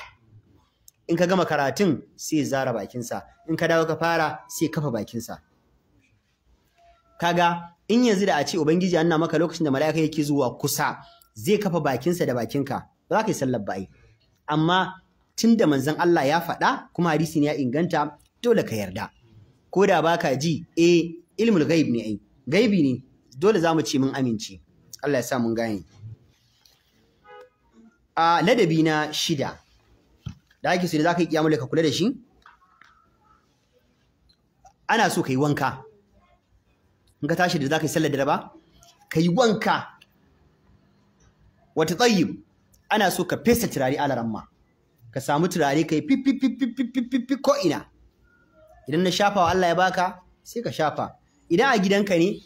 in ka gama karatun sai zara bakinsa in ka dawo ka fara sai kafa bakinsa kaga in yanzu da a ce ubangiji an na maka lokacin da mala'ika yake zuwa kusa zai kafa bakinsa da bakinka ba za ka yi sallar ba amma tun da manzon Allah ya faɗa kuma hadisin ya inganta dole ka yarda ko da baka ji eh ilmul ghaib ne ai gaibi ne dole za mu ce mun amince Allah ya sa mun gane a ladabi na shida da ake so za ka yi da ka kula da shi ana so ka yi wanka ka tashi da zaka yi sallar daraba ka wanka wata ana so ka fesa turare ramma ka samu turare ka yi ne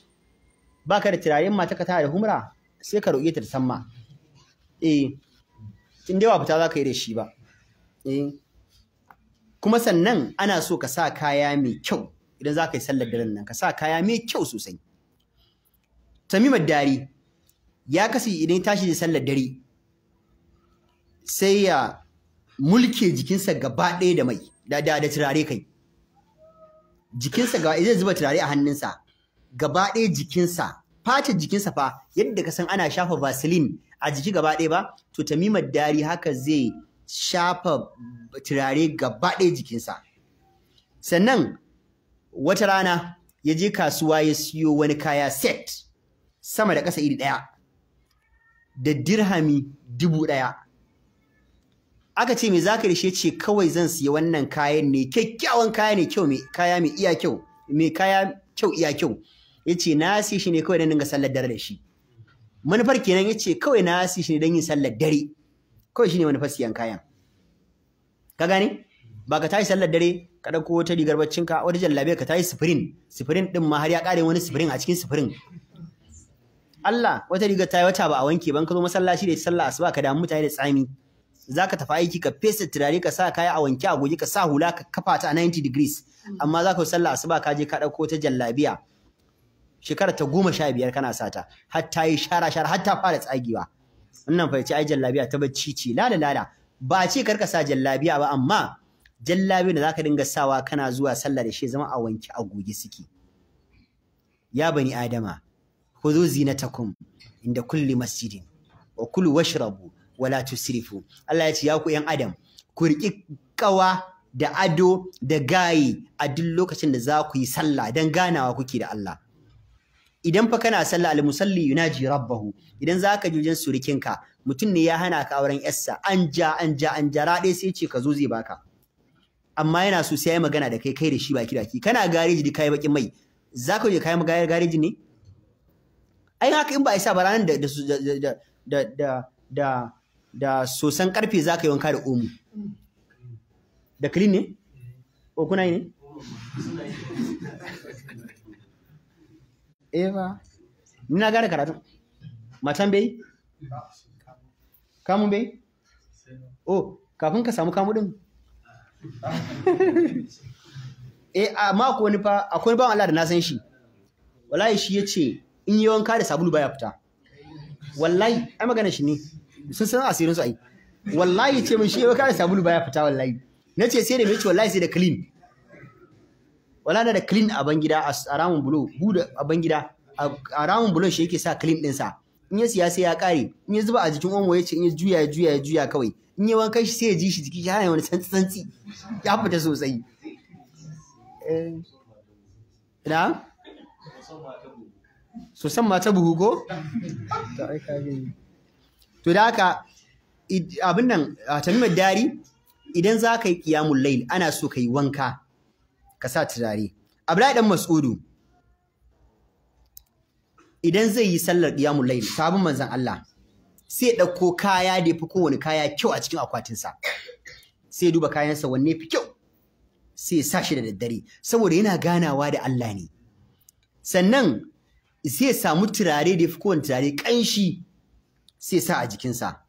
baka da humra sai ka roƙe ta eh, za da shi ba eh, kuma sannan ana so ka sa kaya mai kyau idan za ka yi sallar eh. daren nan ka sa kaya mai kyau sosai tamimar dari ya kasi idan ya tashi da sallar dare sai ya mulke jikinsa gaba ɗaya da mai da da turare kai jikinsa gaba zai zuba turare a hannunsa gaba ɗaya jikinsa fatar jikinsa fa yadda ka san ana shafa vaseline a jiki gaba ɗaya ba to tamimar dari haka zai shafa turare gaba ɗaya jikinsa sannan wata rana ya je kasuwa ya siyo wani kaya set sama da ƙasa iri ɗaya da dirhami dubu ɗaya aka ce me za ka rishe ce kawai zan siya wannan kayan ne kyakkyawan kaya ne kyau mai kaya mai iya kyau mai kaya kyau iya kyau ya ce na si shi ne kawai don dinga sallar dare da shi manufar kenan ya ce kawai na si shi ne don yin sallar dare kawai shi ne manufar siyan kayan ka gane ba ka tashi sallar dare ka ko wata rigar baccinka wata jallabe ka tayi yi sifirin sifirin ɗin ma har ya kare wani sifirin a cikin sifirin Allah wata rigar ta yi wata ba a wanke ban ka zo masallaci da sallah asuba ka damu mutane da tsami zaka tafi aiki ka fesa turare ka sa kaya a wanke a goge ka sa hula ka kafa ta a 90 degrees amma zaka ka sallah asuba ka je ka ɗauko wata jallabiya shekara ta goma sha biyar kana sata har ta yi shara shara har ta fara tsagewa wannan fa ce ai jallabiya ta bacci ce lada lada ba ce karka sa jallabiya ba amma jallabi da zaka dinga sawa kana zuwa sallah da shi zama a wanke a goge suke ya bani adama khudhu zinatakum inda kulli masjidin wa kulu washrabu wala tusrifu Allah ya ce ya ku yan adam ku riki kawa da ado da gayi a duk lokacin da za ku yi sallah dan ganawa kuke da Allah idan fa kana sallah al-musalli yunaji rabbahu idan za ka jujin surikinka mutum ne ya hana ka auren yarsa anja anja an ja an sai ce ka zo zai baka amma yana so sai yayi magana da kai kai da shi baki baki kana gareji da kai bakin mai za ka je kai magana gareji ne ai haka in ba isa ba ranan da da da da da da sosan karfe za ka yi wanka da omo da clean ne ko kuna yi ne Eva eh, Nina na gane karatu matan bai kamun bai oh kafin ka samu kamu din eh amma ko wani fa akwai ban Allah da na san shi wallahi shi yace in yi wanka da sabulu baya fita wallahi ai magana shi ne sun san asirin su ai wallahi ce mun shi wanka da sabulu baya fita wallahi nace sai da me ce wallahi sai da clean wala na da clean a bangida a ramun bulo da a bangida a ramun bulo shi yake sa clean din sa in ya siyasa ya kare in ya zuba a jikin omo ya ce in ya juya ya juya ya juya kawai in ya wanka shi sai ya ji shi jiki ya wani santsi santsi ya fita sosai eh, na so san mata buhu ko to da haka abin nan a tamimar dari idan za ka yi kiyamun lail ana so ka yi wanka ka sa turare abdullahi dan mas'udu idan zai yi sallar qiyamul layl sabon manzon Allah sai ɗauko kaya da fi kowane kaya kyau a cikin akwatinsa sai duba kayansa wanne fi kyau sai sa shi da daddare saboda yana ganawa da Allah ne sannan sai ya samu turare da ya fi kowane turare ƙanshi sai ya sa a jikinsa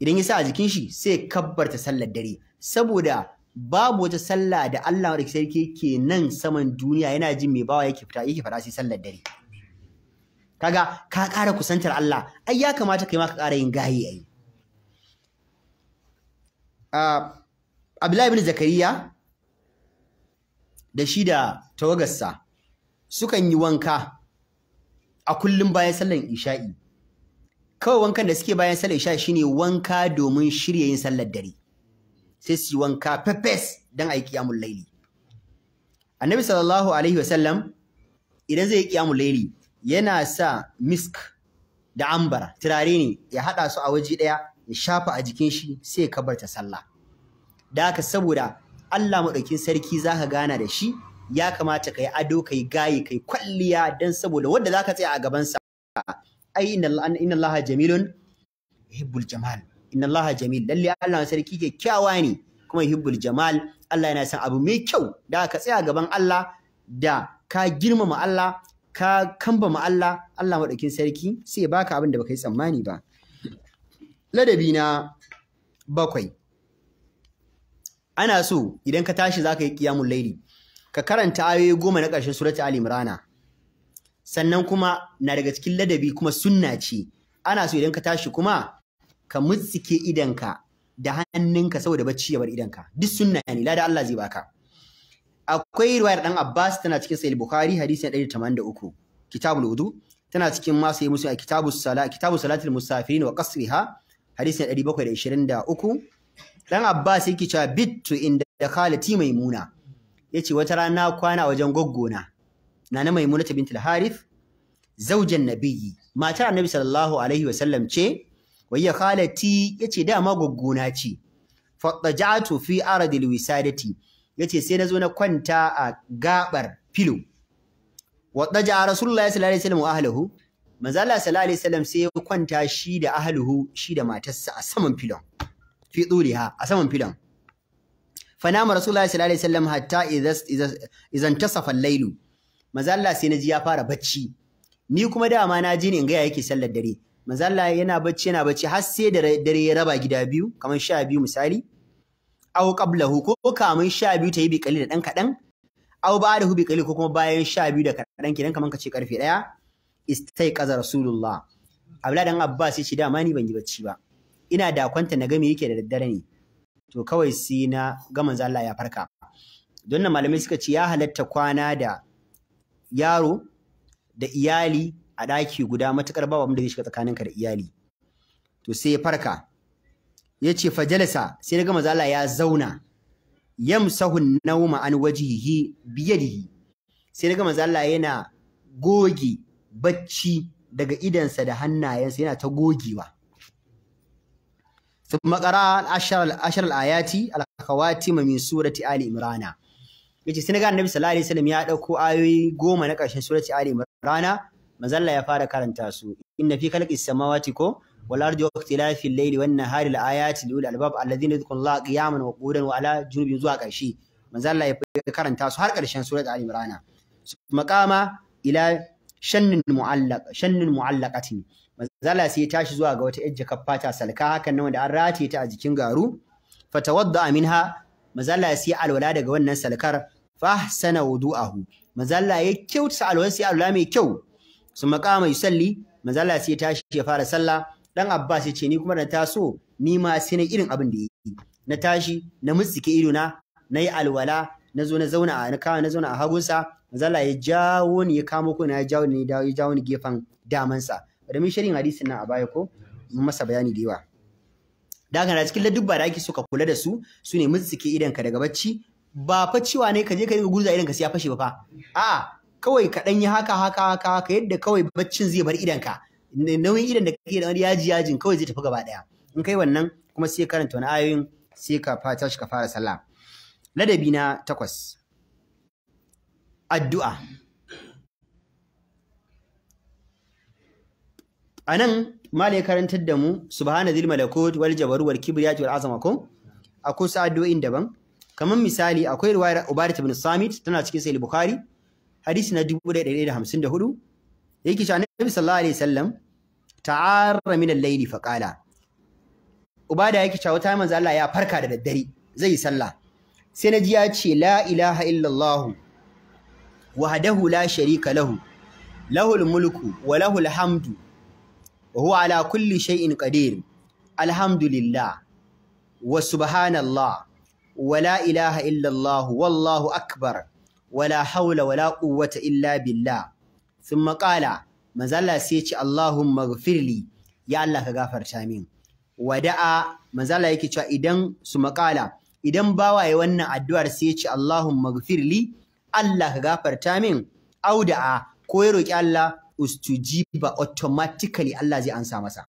idan ya sa a jikin shi sai ya kabbarta sallar dare saboda babu wata sallah da Allah da sarki ke nan saman duniya yana jin mai bawa yake fita yake fara sai sallar dare kaga ka ƙara kusantar Allah ai ya kamata kai ma ka ƙara yin gayi ai ah, Abdullahi ibn Zakariya da shi da tawagarsa sukan yi wanka a kullum bayan sallar isha'i kawai wankan da suke bayan sallar isha'i shine wanka domin shirya yin sallar dare sai su yi wanka fefes dan a yi laili annabi sallallahu alaihi wasallam idan zai yi kiyamun laili yana sa misk da Ambar turare ne ya haɗa su a waje ɗaya ya shafa a jikin shi sai ya ta sallah da haka saboda Allah maɗaukin sarki za ka gana da shi ya kamata ka ado ka yi gayi ka yi kwalliya don saboda wanda za ka tsaya a gabansa ai inna Allah jamilun yuhibbul jamal inna Allah jamil lalle Allah sarki kyakkyawa ne kuma yuhibbul jamal Allah yana san abu mai kyau da ka tsaya gaban Allah da ka girmama Allah ka kamba ma Allah Allah maɗaukin sarki sai ya baka abin da baka yi tsammani ba ladabi na bakwai ana so idan ka tashi za ka yi ƙiyamun laili ka karanta ayoyi goma na ƙarshen surata Ali Imrana sannan kuma na daga cikin ladabi kuma sunna ce ana so idan ka tashi kuma ka mutsike idanka da hannunka saboda bacci ya bar idanka duk sunna ne lada Allah zai baka akwai riwayar dan Abbas tana cikin Sahih Bukhari hadisi 183 kitabul wudu tana cikin ma sai musu a kitabus sala kitabus salatul musafirin wa qasriha hadisi 723 dan Abbas yake cewa bitu inda da khalati maimuna yace wata rana kwana a wajen goggona na maimuna ta bintul harith zaujan nabiyyi matar annabi sallallahu alaihi wa sallam ce wayya khalati yace dama goggona ce fadajatu fi aradil wisadati Ya ce sai na zo na kwanta a gabar filo Wadda ja Rasulullah ya salari wasallam wa ahlihi manzo salari salam sai ya kwanta shi da ahlihu shi da matarsa a saman filon fi ha, a saman filon ma Rasulullah ya salari salam hatta izan idza lailu manzo sai na ji ya fara bacci ni kuma dama na ji ne in gaya yake sallar dare manzo yana bacci yana bacci har sai da dare ya raba gida biyu kamar sha biyu misali aw qablahu ko kamun sha biyu ta yi bi da ɗan kaɗan aw ba'dahu bi qalil ko kuma bayan sha biyu da kaɗan kenan kaman ka ce karfe ɗaya qaza rasulullah Abdullahi dan Abbas shi dama mani ban yi bacci ba ina da kwanta na ga me yake da daddare ne to kawai sai na ga manzo Allah ya farka don nan malamai suka ce ya halatta kwana da yaro da iyali a daki guda matukar babu wanda zai shiga tsakaninka da iyali to sai ya farka yace fajalasa sai daga manzo Allah ya zauna yamsahu nauma an wajhihi biyadihi sai daga manzo Allah yana goge bacci daga idansa da hannayensa yana ta gogewa ثم قرأ العشر الآيات الخواتم min surati ali إمران yace sai naga Annabi sallallahu alaihi wasallam ya dauko ayoyi goma na ƙarshen surati Ali Imran manzalla ya fara karanta su inna fi khalqis samawati ko والأرض واختلاف الليل والنهار الآيات لأولي الألباب الذين يذكرون الله قياما وقعودا وعلى جنوبهم zuwa ƙarshe manzo Allah ya karanta su har ƙarshen surat Ali Imran makama ila shannin mu'allaq shannin sai ya tashi zuwa ga wata yajja kaffata salka hakan nan da an rataye ta a jikin garu fatawadda minha manzo Allah sai alwala daga wannan salkar fahsana wudu'ahu manzo Allah ya kyauta alwala sai alwala mai kyau su makama yusalli sai ya tashi ya fara sallah dan Abbas ya ce ni kuma na taso ni ma sai na irin abin da yake na tashi na mutsike ido na nayi alwala na zo na zauna a na kawo na zauna a hagunsa zalla ya jawo ni ya kamo ko na ya jawo ni ya jawo ni gefen damansa da mun shirin hadisin nan a baya ko mun masa bayani da yawa da haka cikin ladubba da ake so ka kula da su su ne mutsike idan ka daga bacci ba fa ciwa ne ka je ka yi gurza idan ka sai ya fashe ba fa a'a kawai ka danyi yi haka haka haka haka yadda kawai baccin zai bar idan ka nauyin idan da kake da wani yaji yajin kawai zai tafi gaba daya in kai wannan kuma sai karanta wani ayoyin sai ka fata shi ka fara sallah ladabi na takwas addu'a a nan malai karantar da mu subhana zil malakut wal jabaru wal kibriyat wal azama ko akwai sa'addu'o'in daban kamar misali akwai riwayar Ubadat ibn Samit tana cikin Sahih Bukhari hadisi na 1154 yake cewa Annabi sallallahu alaihi wasallam ta'arra min al-layli fa qala ubada yake cewa ta manzo Allah ya farka da daddare zai yi sallah sai naji ya ce la ilaha illallah wahdahu la sharika lahu lahul mulku wa lahul hamdu wa huwa ala kulli shay'in qadir alhamdulillah wa subhanallah wa la ilaha illallah wallahu akbar Wala wa wala quwwata illa billah thumma qala manzala sai ya ce Allahumma ghfirli ya Allah ka gafarta min wada'a manzala yake cewa idan su makala idan bawaye wannan addu'ar sai ya ce Allahumma ghfirli Allah ka gafarta min auda'a ko ya roki Allah ba automatically Allah zai ansa masa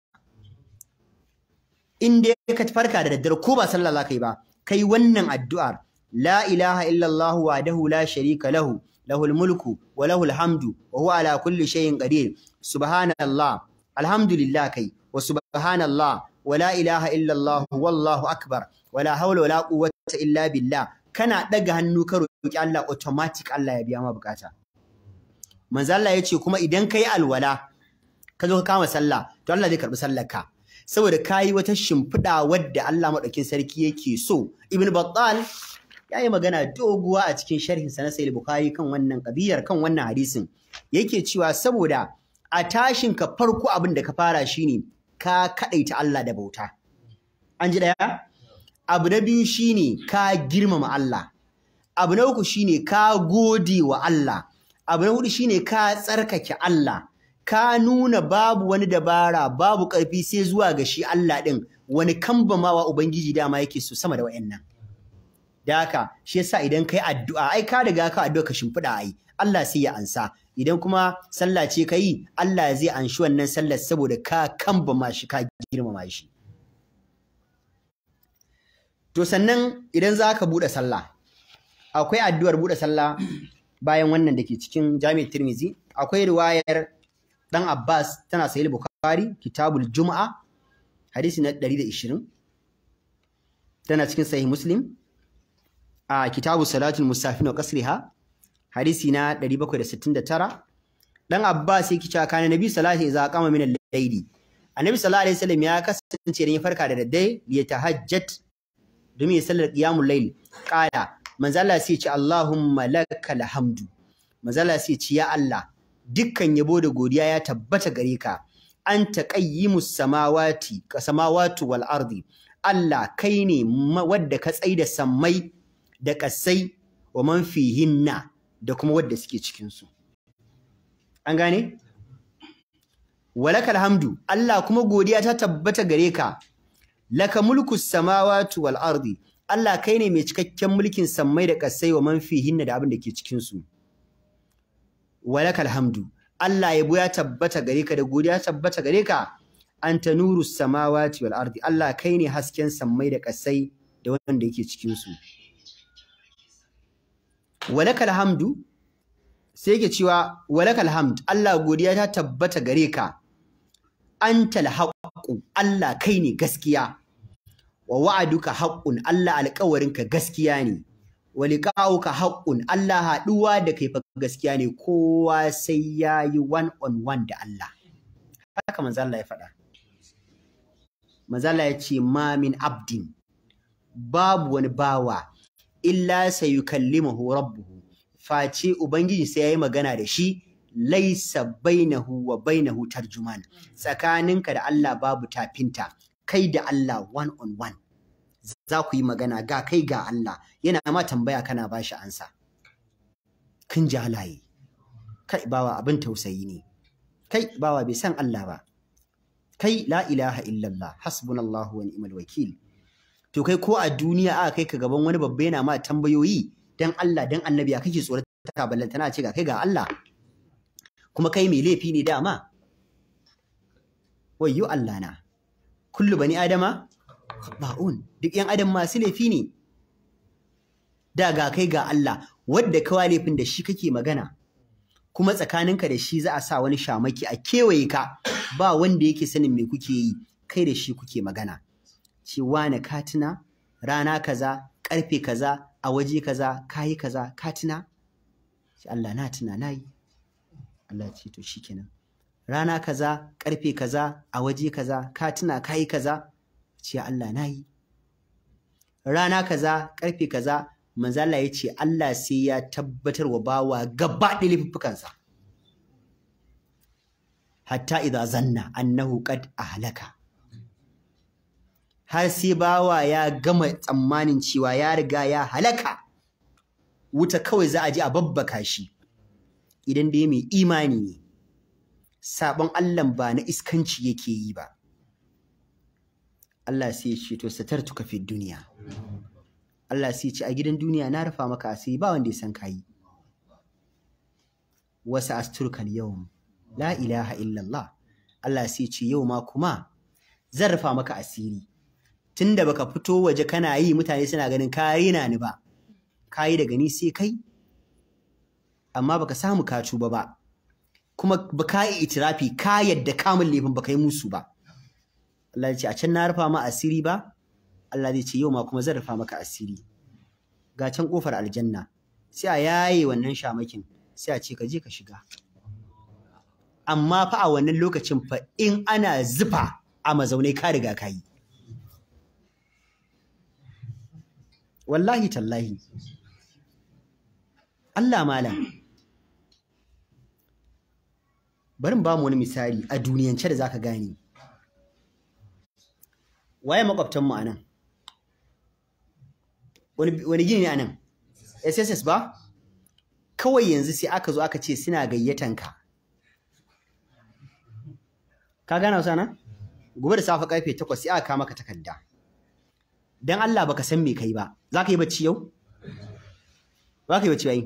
in dai ka farka da daddare ko ba sallah za yi ba kai wannan addu'ar la ilaha illallah wahdahu la sharika lahu lahul mulku wa lahul hamdu wa huwa ala kulli shay'in qadir subhanallah alhamdulillah kai wa subhanallah wa la ilaha illa wallahu akbar wa la hawla wa illa billa. kana ɗaga hannu ka roki Allah automatic Allah ya biya ma bukata manzo ya ce kuma idan ka yi alwala ka zo ka kama sallah to Allah zai karbi sallar ka saboda kayi wata shimfiɗa wadda Allah maɗaukin sarki yake so ibn battal ya yi magana doguwa a cikin sharhinsa na Sahih Bukhari kan wannan kabiyar kan wannan hadisin yake cewa saboda a tashin ka farko abin da ka fara shine ka kadaita Allah da bauta an ji daya abu na biyu shine ka girmama Allah abu na uku shine ka gode wa Allah abu na hudu shine ka tsarkake Allah ka nuna babu wani dabara babu ƙarfi sai zuwa ga shi Allah ɗin wani kambamawa ubangiji dama yake so sama da wayannan da shi yasa idan kai addu'a ai ka riga ka addu'a ka shimfiɗa ai Allah sai ya ansa idan kuma sallah ce ka yi Allah zai anshi wannan sallar saboda ka kamba shi, ka girmama shi to sannan idan za ka buɗe sallah akwai addu'ar buɗe sallah bayan wannan da ke cikin jami'ar tirmizi akwai riwayar dan abbas tana sahih bukhari kitabul juma'a hadisi na 120 tana cikin sahih muslim a kitabu salatul musafin wa qasriha hadisi na 769 dan abbas yake cewa kana nabi sallallahu alaihi wasallam kama min al-layli annabi sallallahu alaihi wasallam ya kasance da ya farka da daddare ya tahajjat domin ya sallar qiyamul layl qala manzo Allah sai ya ce Allahumma lakal hamdu manzo Allah sai ya ya Allah dukkan yabo da godiya ya tabbata gare ka anta qayyimus samawati kasamawati wal ardi Allah kai ne wadda ka da samai. da kasai wa man fihinna da kuma wadda suke cikinsu. An gane? Walakal alhamdu, Allah kuma godiya ta tabbata gare ka, laka mulku samawati wal ardi, Allah kai ne mai cikakken mulkin sammai da kasai wa man fihinna da abin da ke cikinsu. Walakal alhamdu, Allah yabo ya tabbata gare ka da godiya tabbata gare ka, anta nuru samawati wal ardi, Allah kai ne hasken sammai da kasai da wanda yake cikinsu. walakal hamdu sai yake cewa walakal hamd Allah godiya ta tabbata gare ka antal haqqu Allah kai ne gaskiya wa wa'aduka haqqun Allah alƙawarinka gaskiya ne wa liqa'uka haqqun Allah haɗuwa da kai fa gaskiya ne kowa sai yayi one on one da Allah haka manzo Allah ya faɗa manzo Allah ya ce ma min abdin babu wani bawa illa sayukallimuhu rabbuhu face ubangiji sai yayi magana da shi laisa bainahu wa bainahu tarjuman tsakaninka da Allah babu tafinta kai da Allah one on one za ku yi magana ga kai ga Allah yana ma tambaya kana ba shi ansa kin jalaye kai bawa abin tausayi ne kai bawa bai san Allah ba kai la ilaha illallah hasbunallahu wa ni'mal wakil to kai ko a duniya aka kai ka gaban wani babba yana ma tambayoyi dan Allah dan annabi a kake tsorata ballantana ce ga kai ga Allah kuma kai mai laifi ne dama wayyo Allah na kullu bani adama ba'un duk yan adam masu laifi ne da ga kai ga Allah wadda kawa laifin da shi kake magana kuma tsakaninka da shi za a sa wani shamaki a kewaye ka ba wanda yake sanin me kuke yi kai da shi kuke magana ce wane katina rana kaza karfe kaza a waje kaza kayi kaza katina shi Allah na tuna nayi Allah ce to shikenan rana kaza karfe kaza a waje kaza katina kayi kaza ce Allah nayi rana kaza karfe kaza manzo Allah ya ce Allah sai ya tabbatar wa bawa gaba da laifukansa hatta idza zanna annahu qad ahlaka har sai bawa ya gama tsammanin cewa ya riga ya halaka wuta kawai za a ji a babbaka shi idan dai mai imani ne sabon Allah ba na iskanci yake yi ba Allah sai ya ce to satar tuka fi duniya Allah sai ya ce a gidan duniya na rufa maka asiri ba wanda ya san kayi wasu asturkal yau la ilaha illallah Allah sai ce yau ma kuma zan rufa maka asiri tunda baka fito waje kana yi mutane suna ganin ka na ni ba ka yi daga ni sai kai amma baka samu ka tuba ba kuma baka yi itirafi ka yadda kamun laifin baka yi musu ba Allah ya ce a can na rufa ma asiri ba Allah zai ce yau ma kuma zan rufa maka asiri ga can kofar aljanna sai a yaye wannan shamakin sai a ce ka je ka shiga amma fa a wannan lokacin fa in ana zufa a mazaunai ka riga ka yi wallahi tallahi Allah malam barin ba mu wani misali a duniyance da zaka gane waye makwabtan mu anan wani gini ne anan SSS ba kawai yanzu sai aka zo aka ce suna gayyatan ka ka gana wasu gobe da safe karfe 8 sai aka kama ka takarda dan Allah baka san me kai ba za ka yi bacci yau ba ka yi bacci bai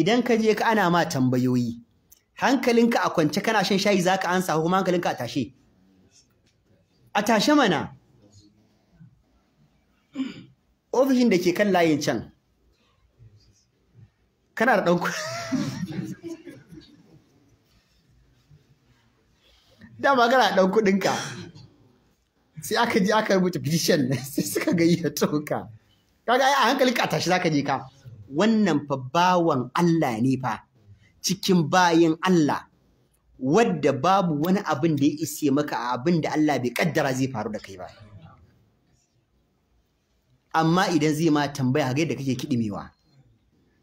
idan ka je ka ana ma tambayoyi hankalinka a kwance kana shan shayi za ka ansa kuma hankalinka a tashe a tashe mana ofishin da ke kan layin can kana da ɗanku dama kana da ɗan kuɗinka sai aka je aka rubuta petition sai suka iya ka kaga a hankali ka tashi zaka je ka wannan fa bawan Allah ne fa cikin bayin Allah wadda babu wani abin da ya ise maka a abin da Allah bai kaddara zai faru da kai ba amma idan zai ma tambaya ga yadda kake kidimewa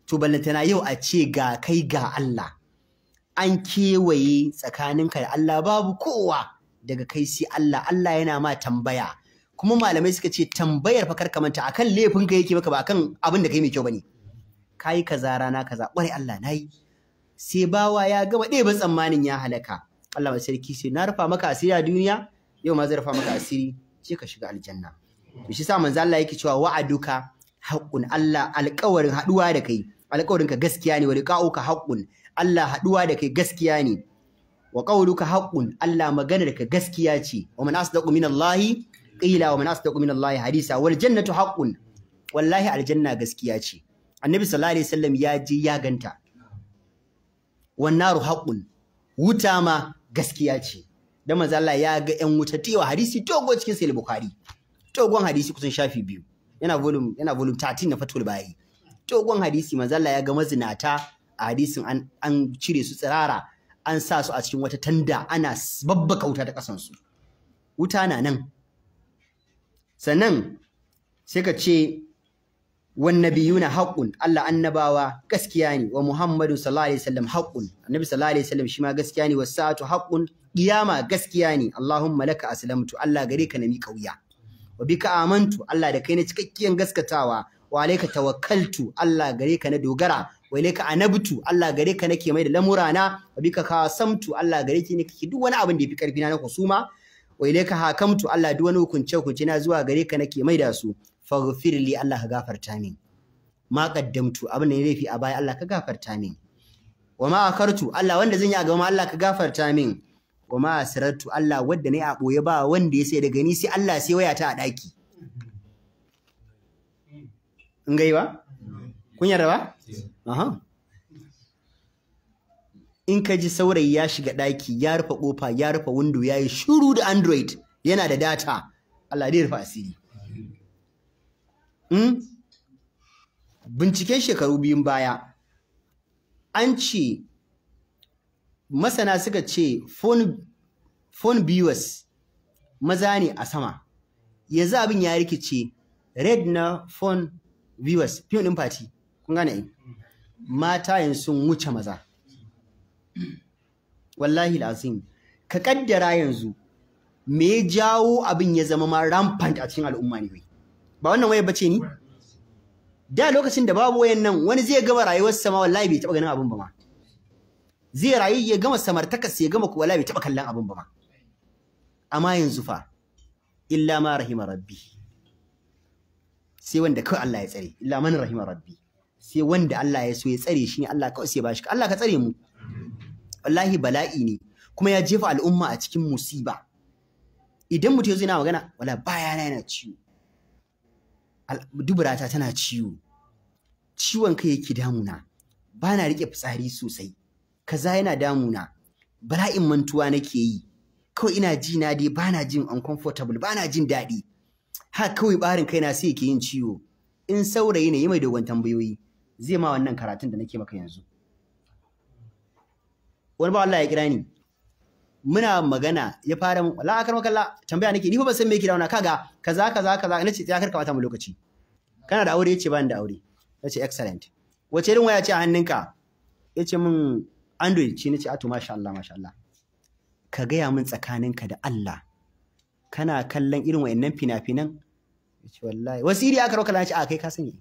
to ballantana yau a ce ga kai ga Allah an kewaye tsakaninka da Allah babu kowa daga kai sai Allah Allah yana ma tambaya kuma malamai suka ce tambayar fa karka manta akan laifin ka yake maka ba akan abin da kai mai kyau bane kai kaza rana kaza kwarai Allah nayi sai bawa ya gama ɗaya ba tsammanin ya halaka Allah mai sarki sai na rufa maka asiri a duniya yau ma zai rufa maka asiri sai ka shiga aljanna to shi sa manzo Allah yake cewa wa'aduka haqqun Allah alƙawarin haduwa da kai alƙawarin ka gaskiya ne wa liqa'uka haqqun Allah haɗuwa da kai gaskiya ne wa qawluka haqqun Allah maganar ka gaskiya ce wa man asdaqu min Allah qila wa man asdaqu min Allah hadisa wal jannatu haqqun wallahi aljanna gaskiya ce annabi sallallahu alaihi wasallam ya ji ya ganta wan naru haqqun wuta ma gaskiya ce dan manzo Allah ya ga ƴan wuta wa hadisi togo cikin sahih bukhari togon hadisi kusan shafi biyu yana volume yana volume 13 na fatul bayi togon hadisi manzo Allah ya ga mazinata a hadisin an, an cire su tsirara an sa su a cikin wata tanda ana babbaka wuta ta ƙasansu. wuta na nan sannan sai ka ce wannabiyuna haqqun Allah annabawa gaskiya ne wa Muhammadu sallallahu alaihi wasallam haqqun annabi sallallahu alaihi wasallam shi ma gaskiya ne Sa'atu haqqun kiyama gaskiya ne Allahumma laka aslamtu Allah gare ka na mi kauya wa bika amantu Allah da kai na cikakkiyan gaskatawa wa alayka tawakkaltu Allah gare ka na dogara wa ka anabtu Allah gare ka nake mai da lamurana wa ka samtu Allah gare ki ne duk wani abin da yafi karfi na na kusuma wa ka hakamtu Allah duk wani hukunce hukunce na zuwa gare ka nake mai da su faghfir li Allah ka gafarta min ma qaddamtu abin da yafi a baya Allah ka gafarta min wa ma akartu Allah wanda zan yi a gaba Allah ka gafarta min wa ma asrartu Allah wanda ne a boye ba wanda ya sai daga ni sai Allah sai waya ta a daki in gaiwa kun yarda ba Aha. In ka ji saurayi ya shiga ɗaki, ya rufe ƙofa, ya rufe windo, ya yi shuru da Android, yana da data, Allah dai rufe asiri. Mm? Binciken shekaru biyun baya, an ce, masana suka ce, phone, viewers maza ne a sama, yanzu abin ya rikice, red na phone viewers, fiye ɗin kun gane mata yanzu sun wuce maza wallahi azim ka kaddara yanzu me ya jawo abin ya zama ma rampant a cikin al'umma ne ba wannan waya bace ni da lokacin da babu wayan nan wani zai gama rayuwar ma wallahi bai taba ganin abin ba ma zai rayu ya gama samartakarsa ya gama kuwa wallahi bai taba kallon abin ba ma amma yanzu fa illa ma rahima rabbi sai wanda kawai Allah ya tsare illa man rahima rabbi sai wanda Allah ya so ya tsare shi ne Allah kawai sai ba bashi Allah ka tsare mu wallahi bala'i ne kuma ya jefa al'umma a cikin musiba idan mutum zai na magana wala baya na yana ciwo duburata tana ciwo ciwon kai yake damuna ba na rike fitsari sosai kaza yana damuna bala'in mantuwa nake yi kawai ina ji na dai ba na jin uncomfortable ba na jin daɗi Ha kawai barin kai na sai yake yin ciwo in saurayi ne yi mai dogon tambayoyi zai ma wannan karatun da nake maka yanzu wani ba Allah ya kira ni muna magana ya fara mun Allah akar makalla tambaya nake ni fa ban san me kira wannan kaga kaza kaza kaza nace ya karka mata mu lokaci kana da aure yace ba ni da aure nace excellent wace irin waya ce a hannunka yace min android ce nace ah ato masha Allah masha Allah ka gaya min tsakaninka da Allah kana kallon irin wayannan fina-finan yace wallahi wasiri aka roka lana ce a kai ka sani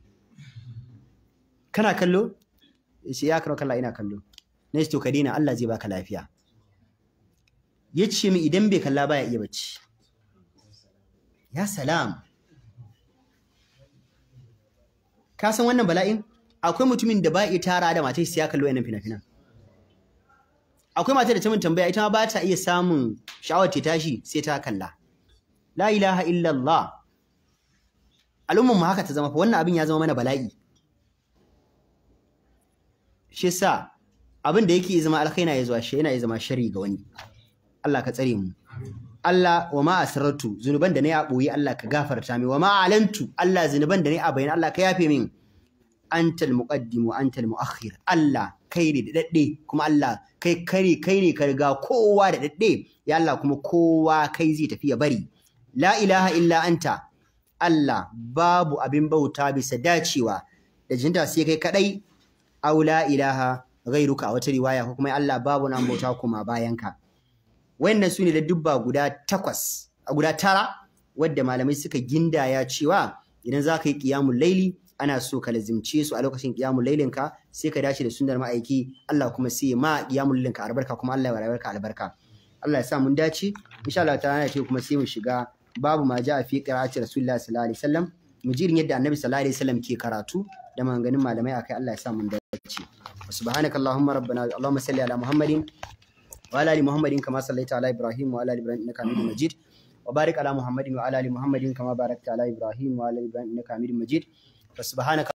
kana kallo shi ya karo kalla ina kallo na to ka daina Allah zai baka lafiya Ya ce mi idan bai kalla baya iya bacci ya salam ka san wannan bala'in akwai mutumin da ba tara da shi ya kallo yanan fina-finan akwai mata da ta min tambaya ita ma ba ta iya samun sha'awar ta tashi sai ta kalla la ilaha illallah al'ummar mu haka ta zama fa wannan abin ya zama mana bala'i shi sa abin da yake zama alkhaina ya zuwa shi yana zama shari ga wani Allah ka tsare mu Allah wa ma asrartu zunuban da nayi a boye Allah ka gafarta min wa ma alantu Allah zunuban da na a bayyana Allah ka yafe min antal muqaddim wa antal muakhir Allah kai ne da dadde kuma Allah kai kare kai ne ka riga kowa da dadde ya Allah kuma kowa kai zai tafi ya bari la ilaha illa anta Allah babu abin bauta bisa dacewa da jinta sai kai kadai aw la ilaha rairuka a wata riwaya ko kuma Allah babu nan bauta kuma bayanka wannan sune da dubba guda takwas guda tara wadda malamai suka gindaya cewa idan za ka yi qiyamul laili ana so ka lazimce su a lokacin qiyamul lailin ka sai ka dace da sunnar ma'aiki Allah kuma sai ma qiyamul lailin ka albarka kuma Allah ya rayuwar ka albarka Allah ya sa mun dace insha Allah ta'ala ce kuma sai mu shiga babu ma ja fi qira'ati rasulullahi sallallahu alaihi wasallam mu yadda annabi sallallahu alaihi wasallam ke karatu da maganganun malamai akai Allah ya sa mun dace allahumma rabbana allahumma salli ala muhammadin wa ala ali muhammadin kama sallaita ala ibrahim wa ala ali ibrahim innaka hamidum majid wa barik ala muhammadin wa ala ali muhammadin kama barakta ala ibrahim wa ala ali ibrahim innaka hamidum majid subhanaka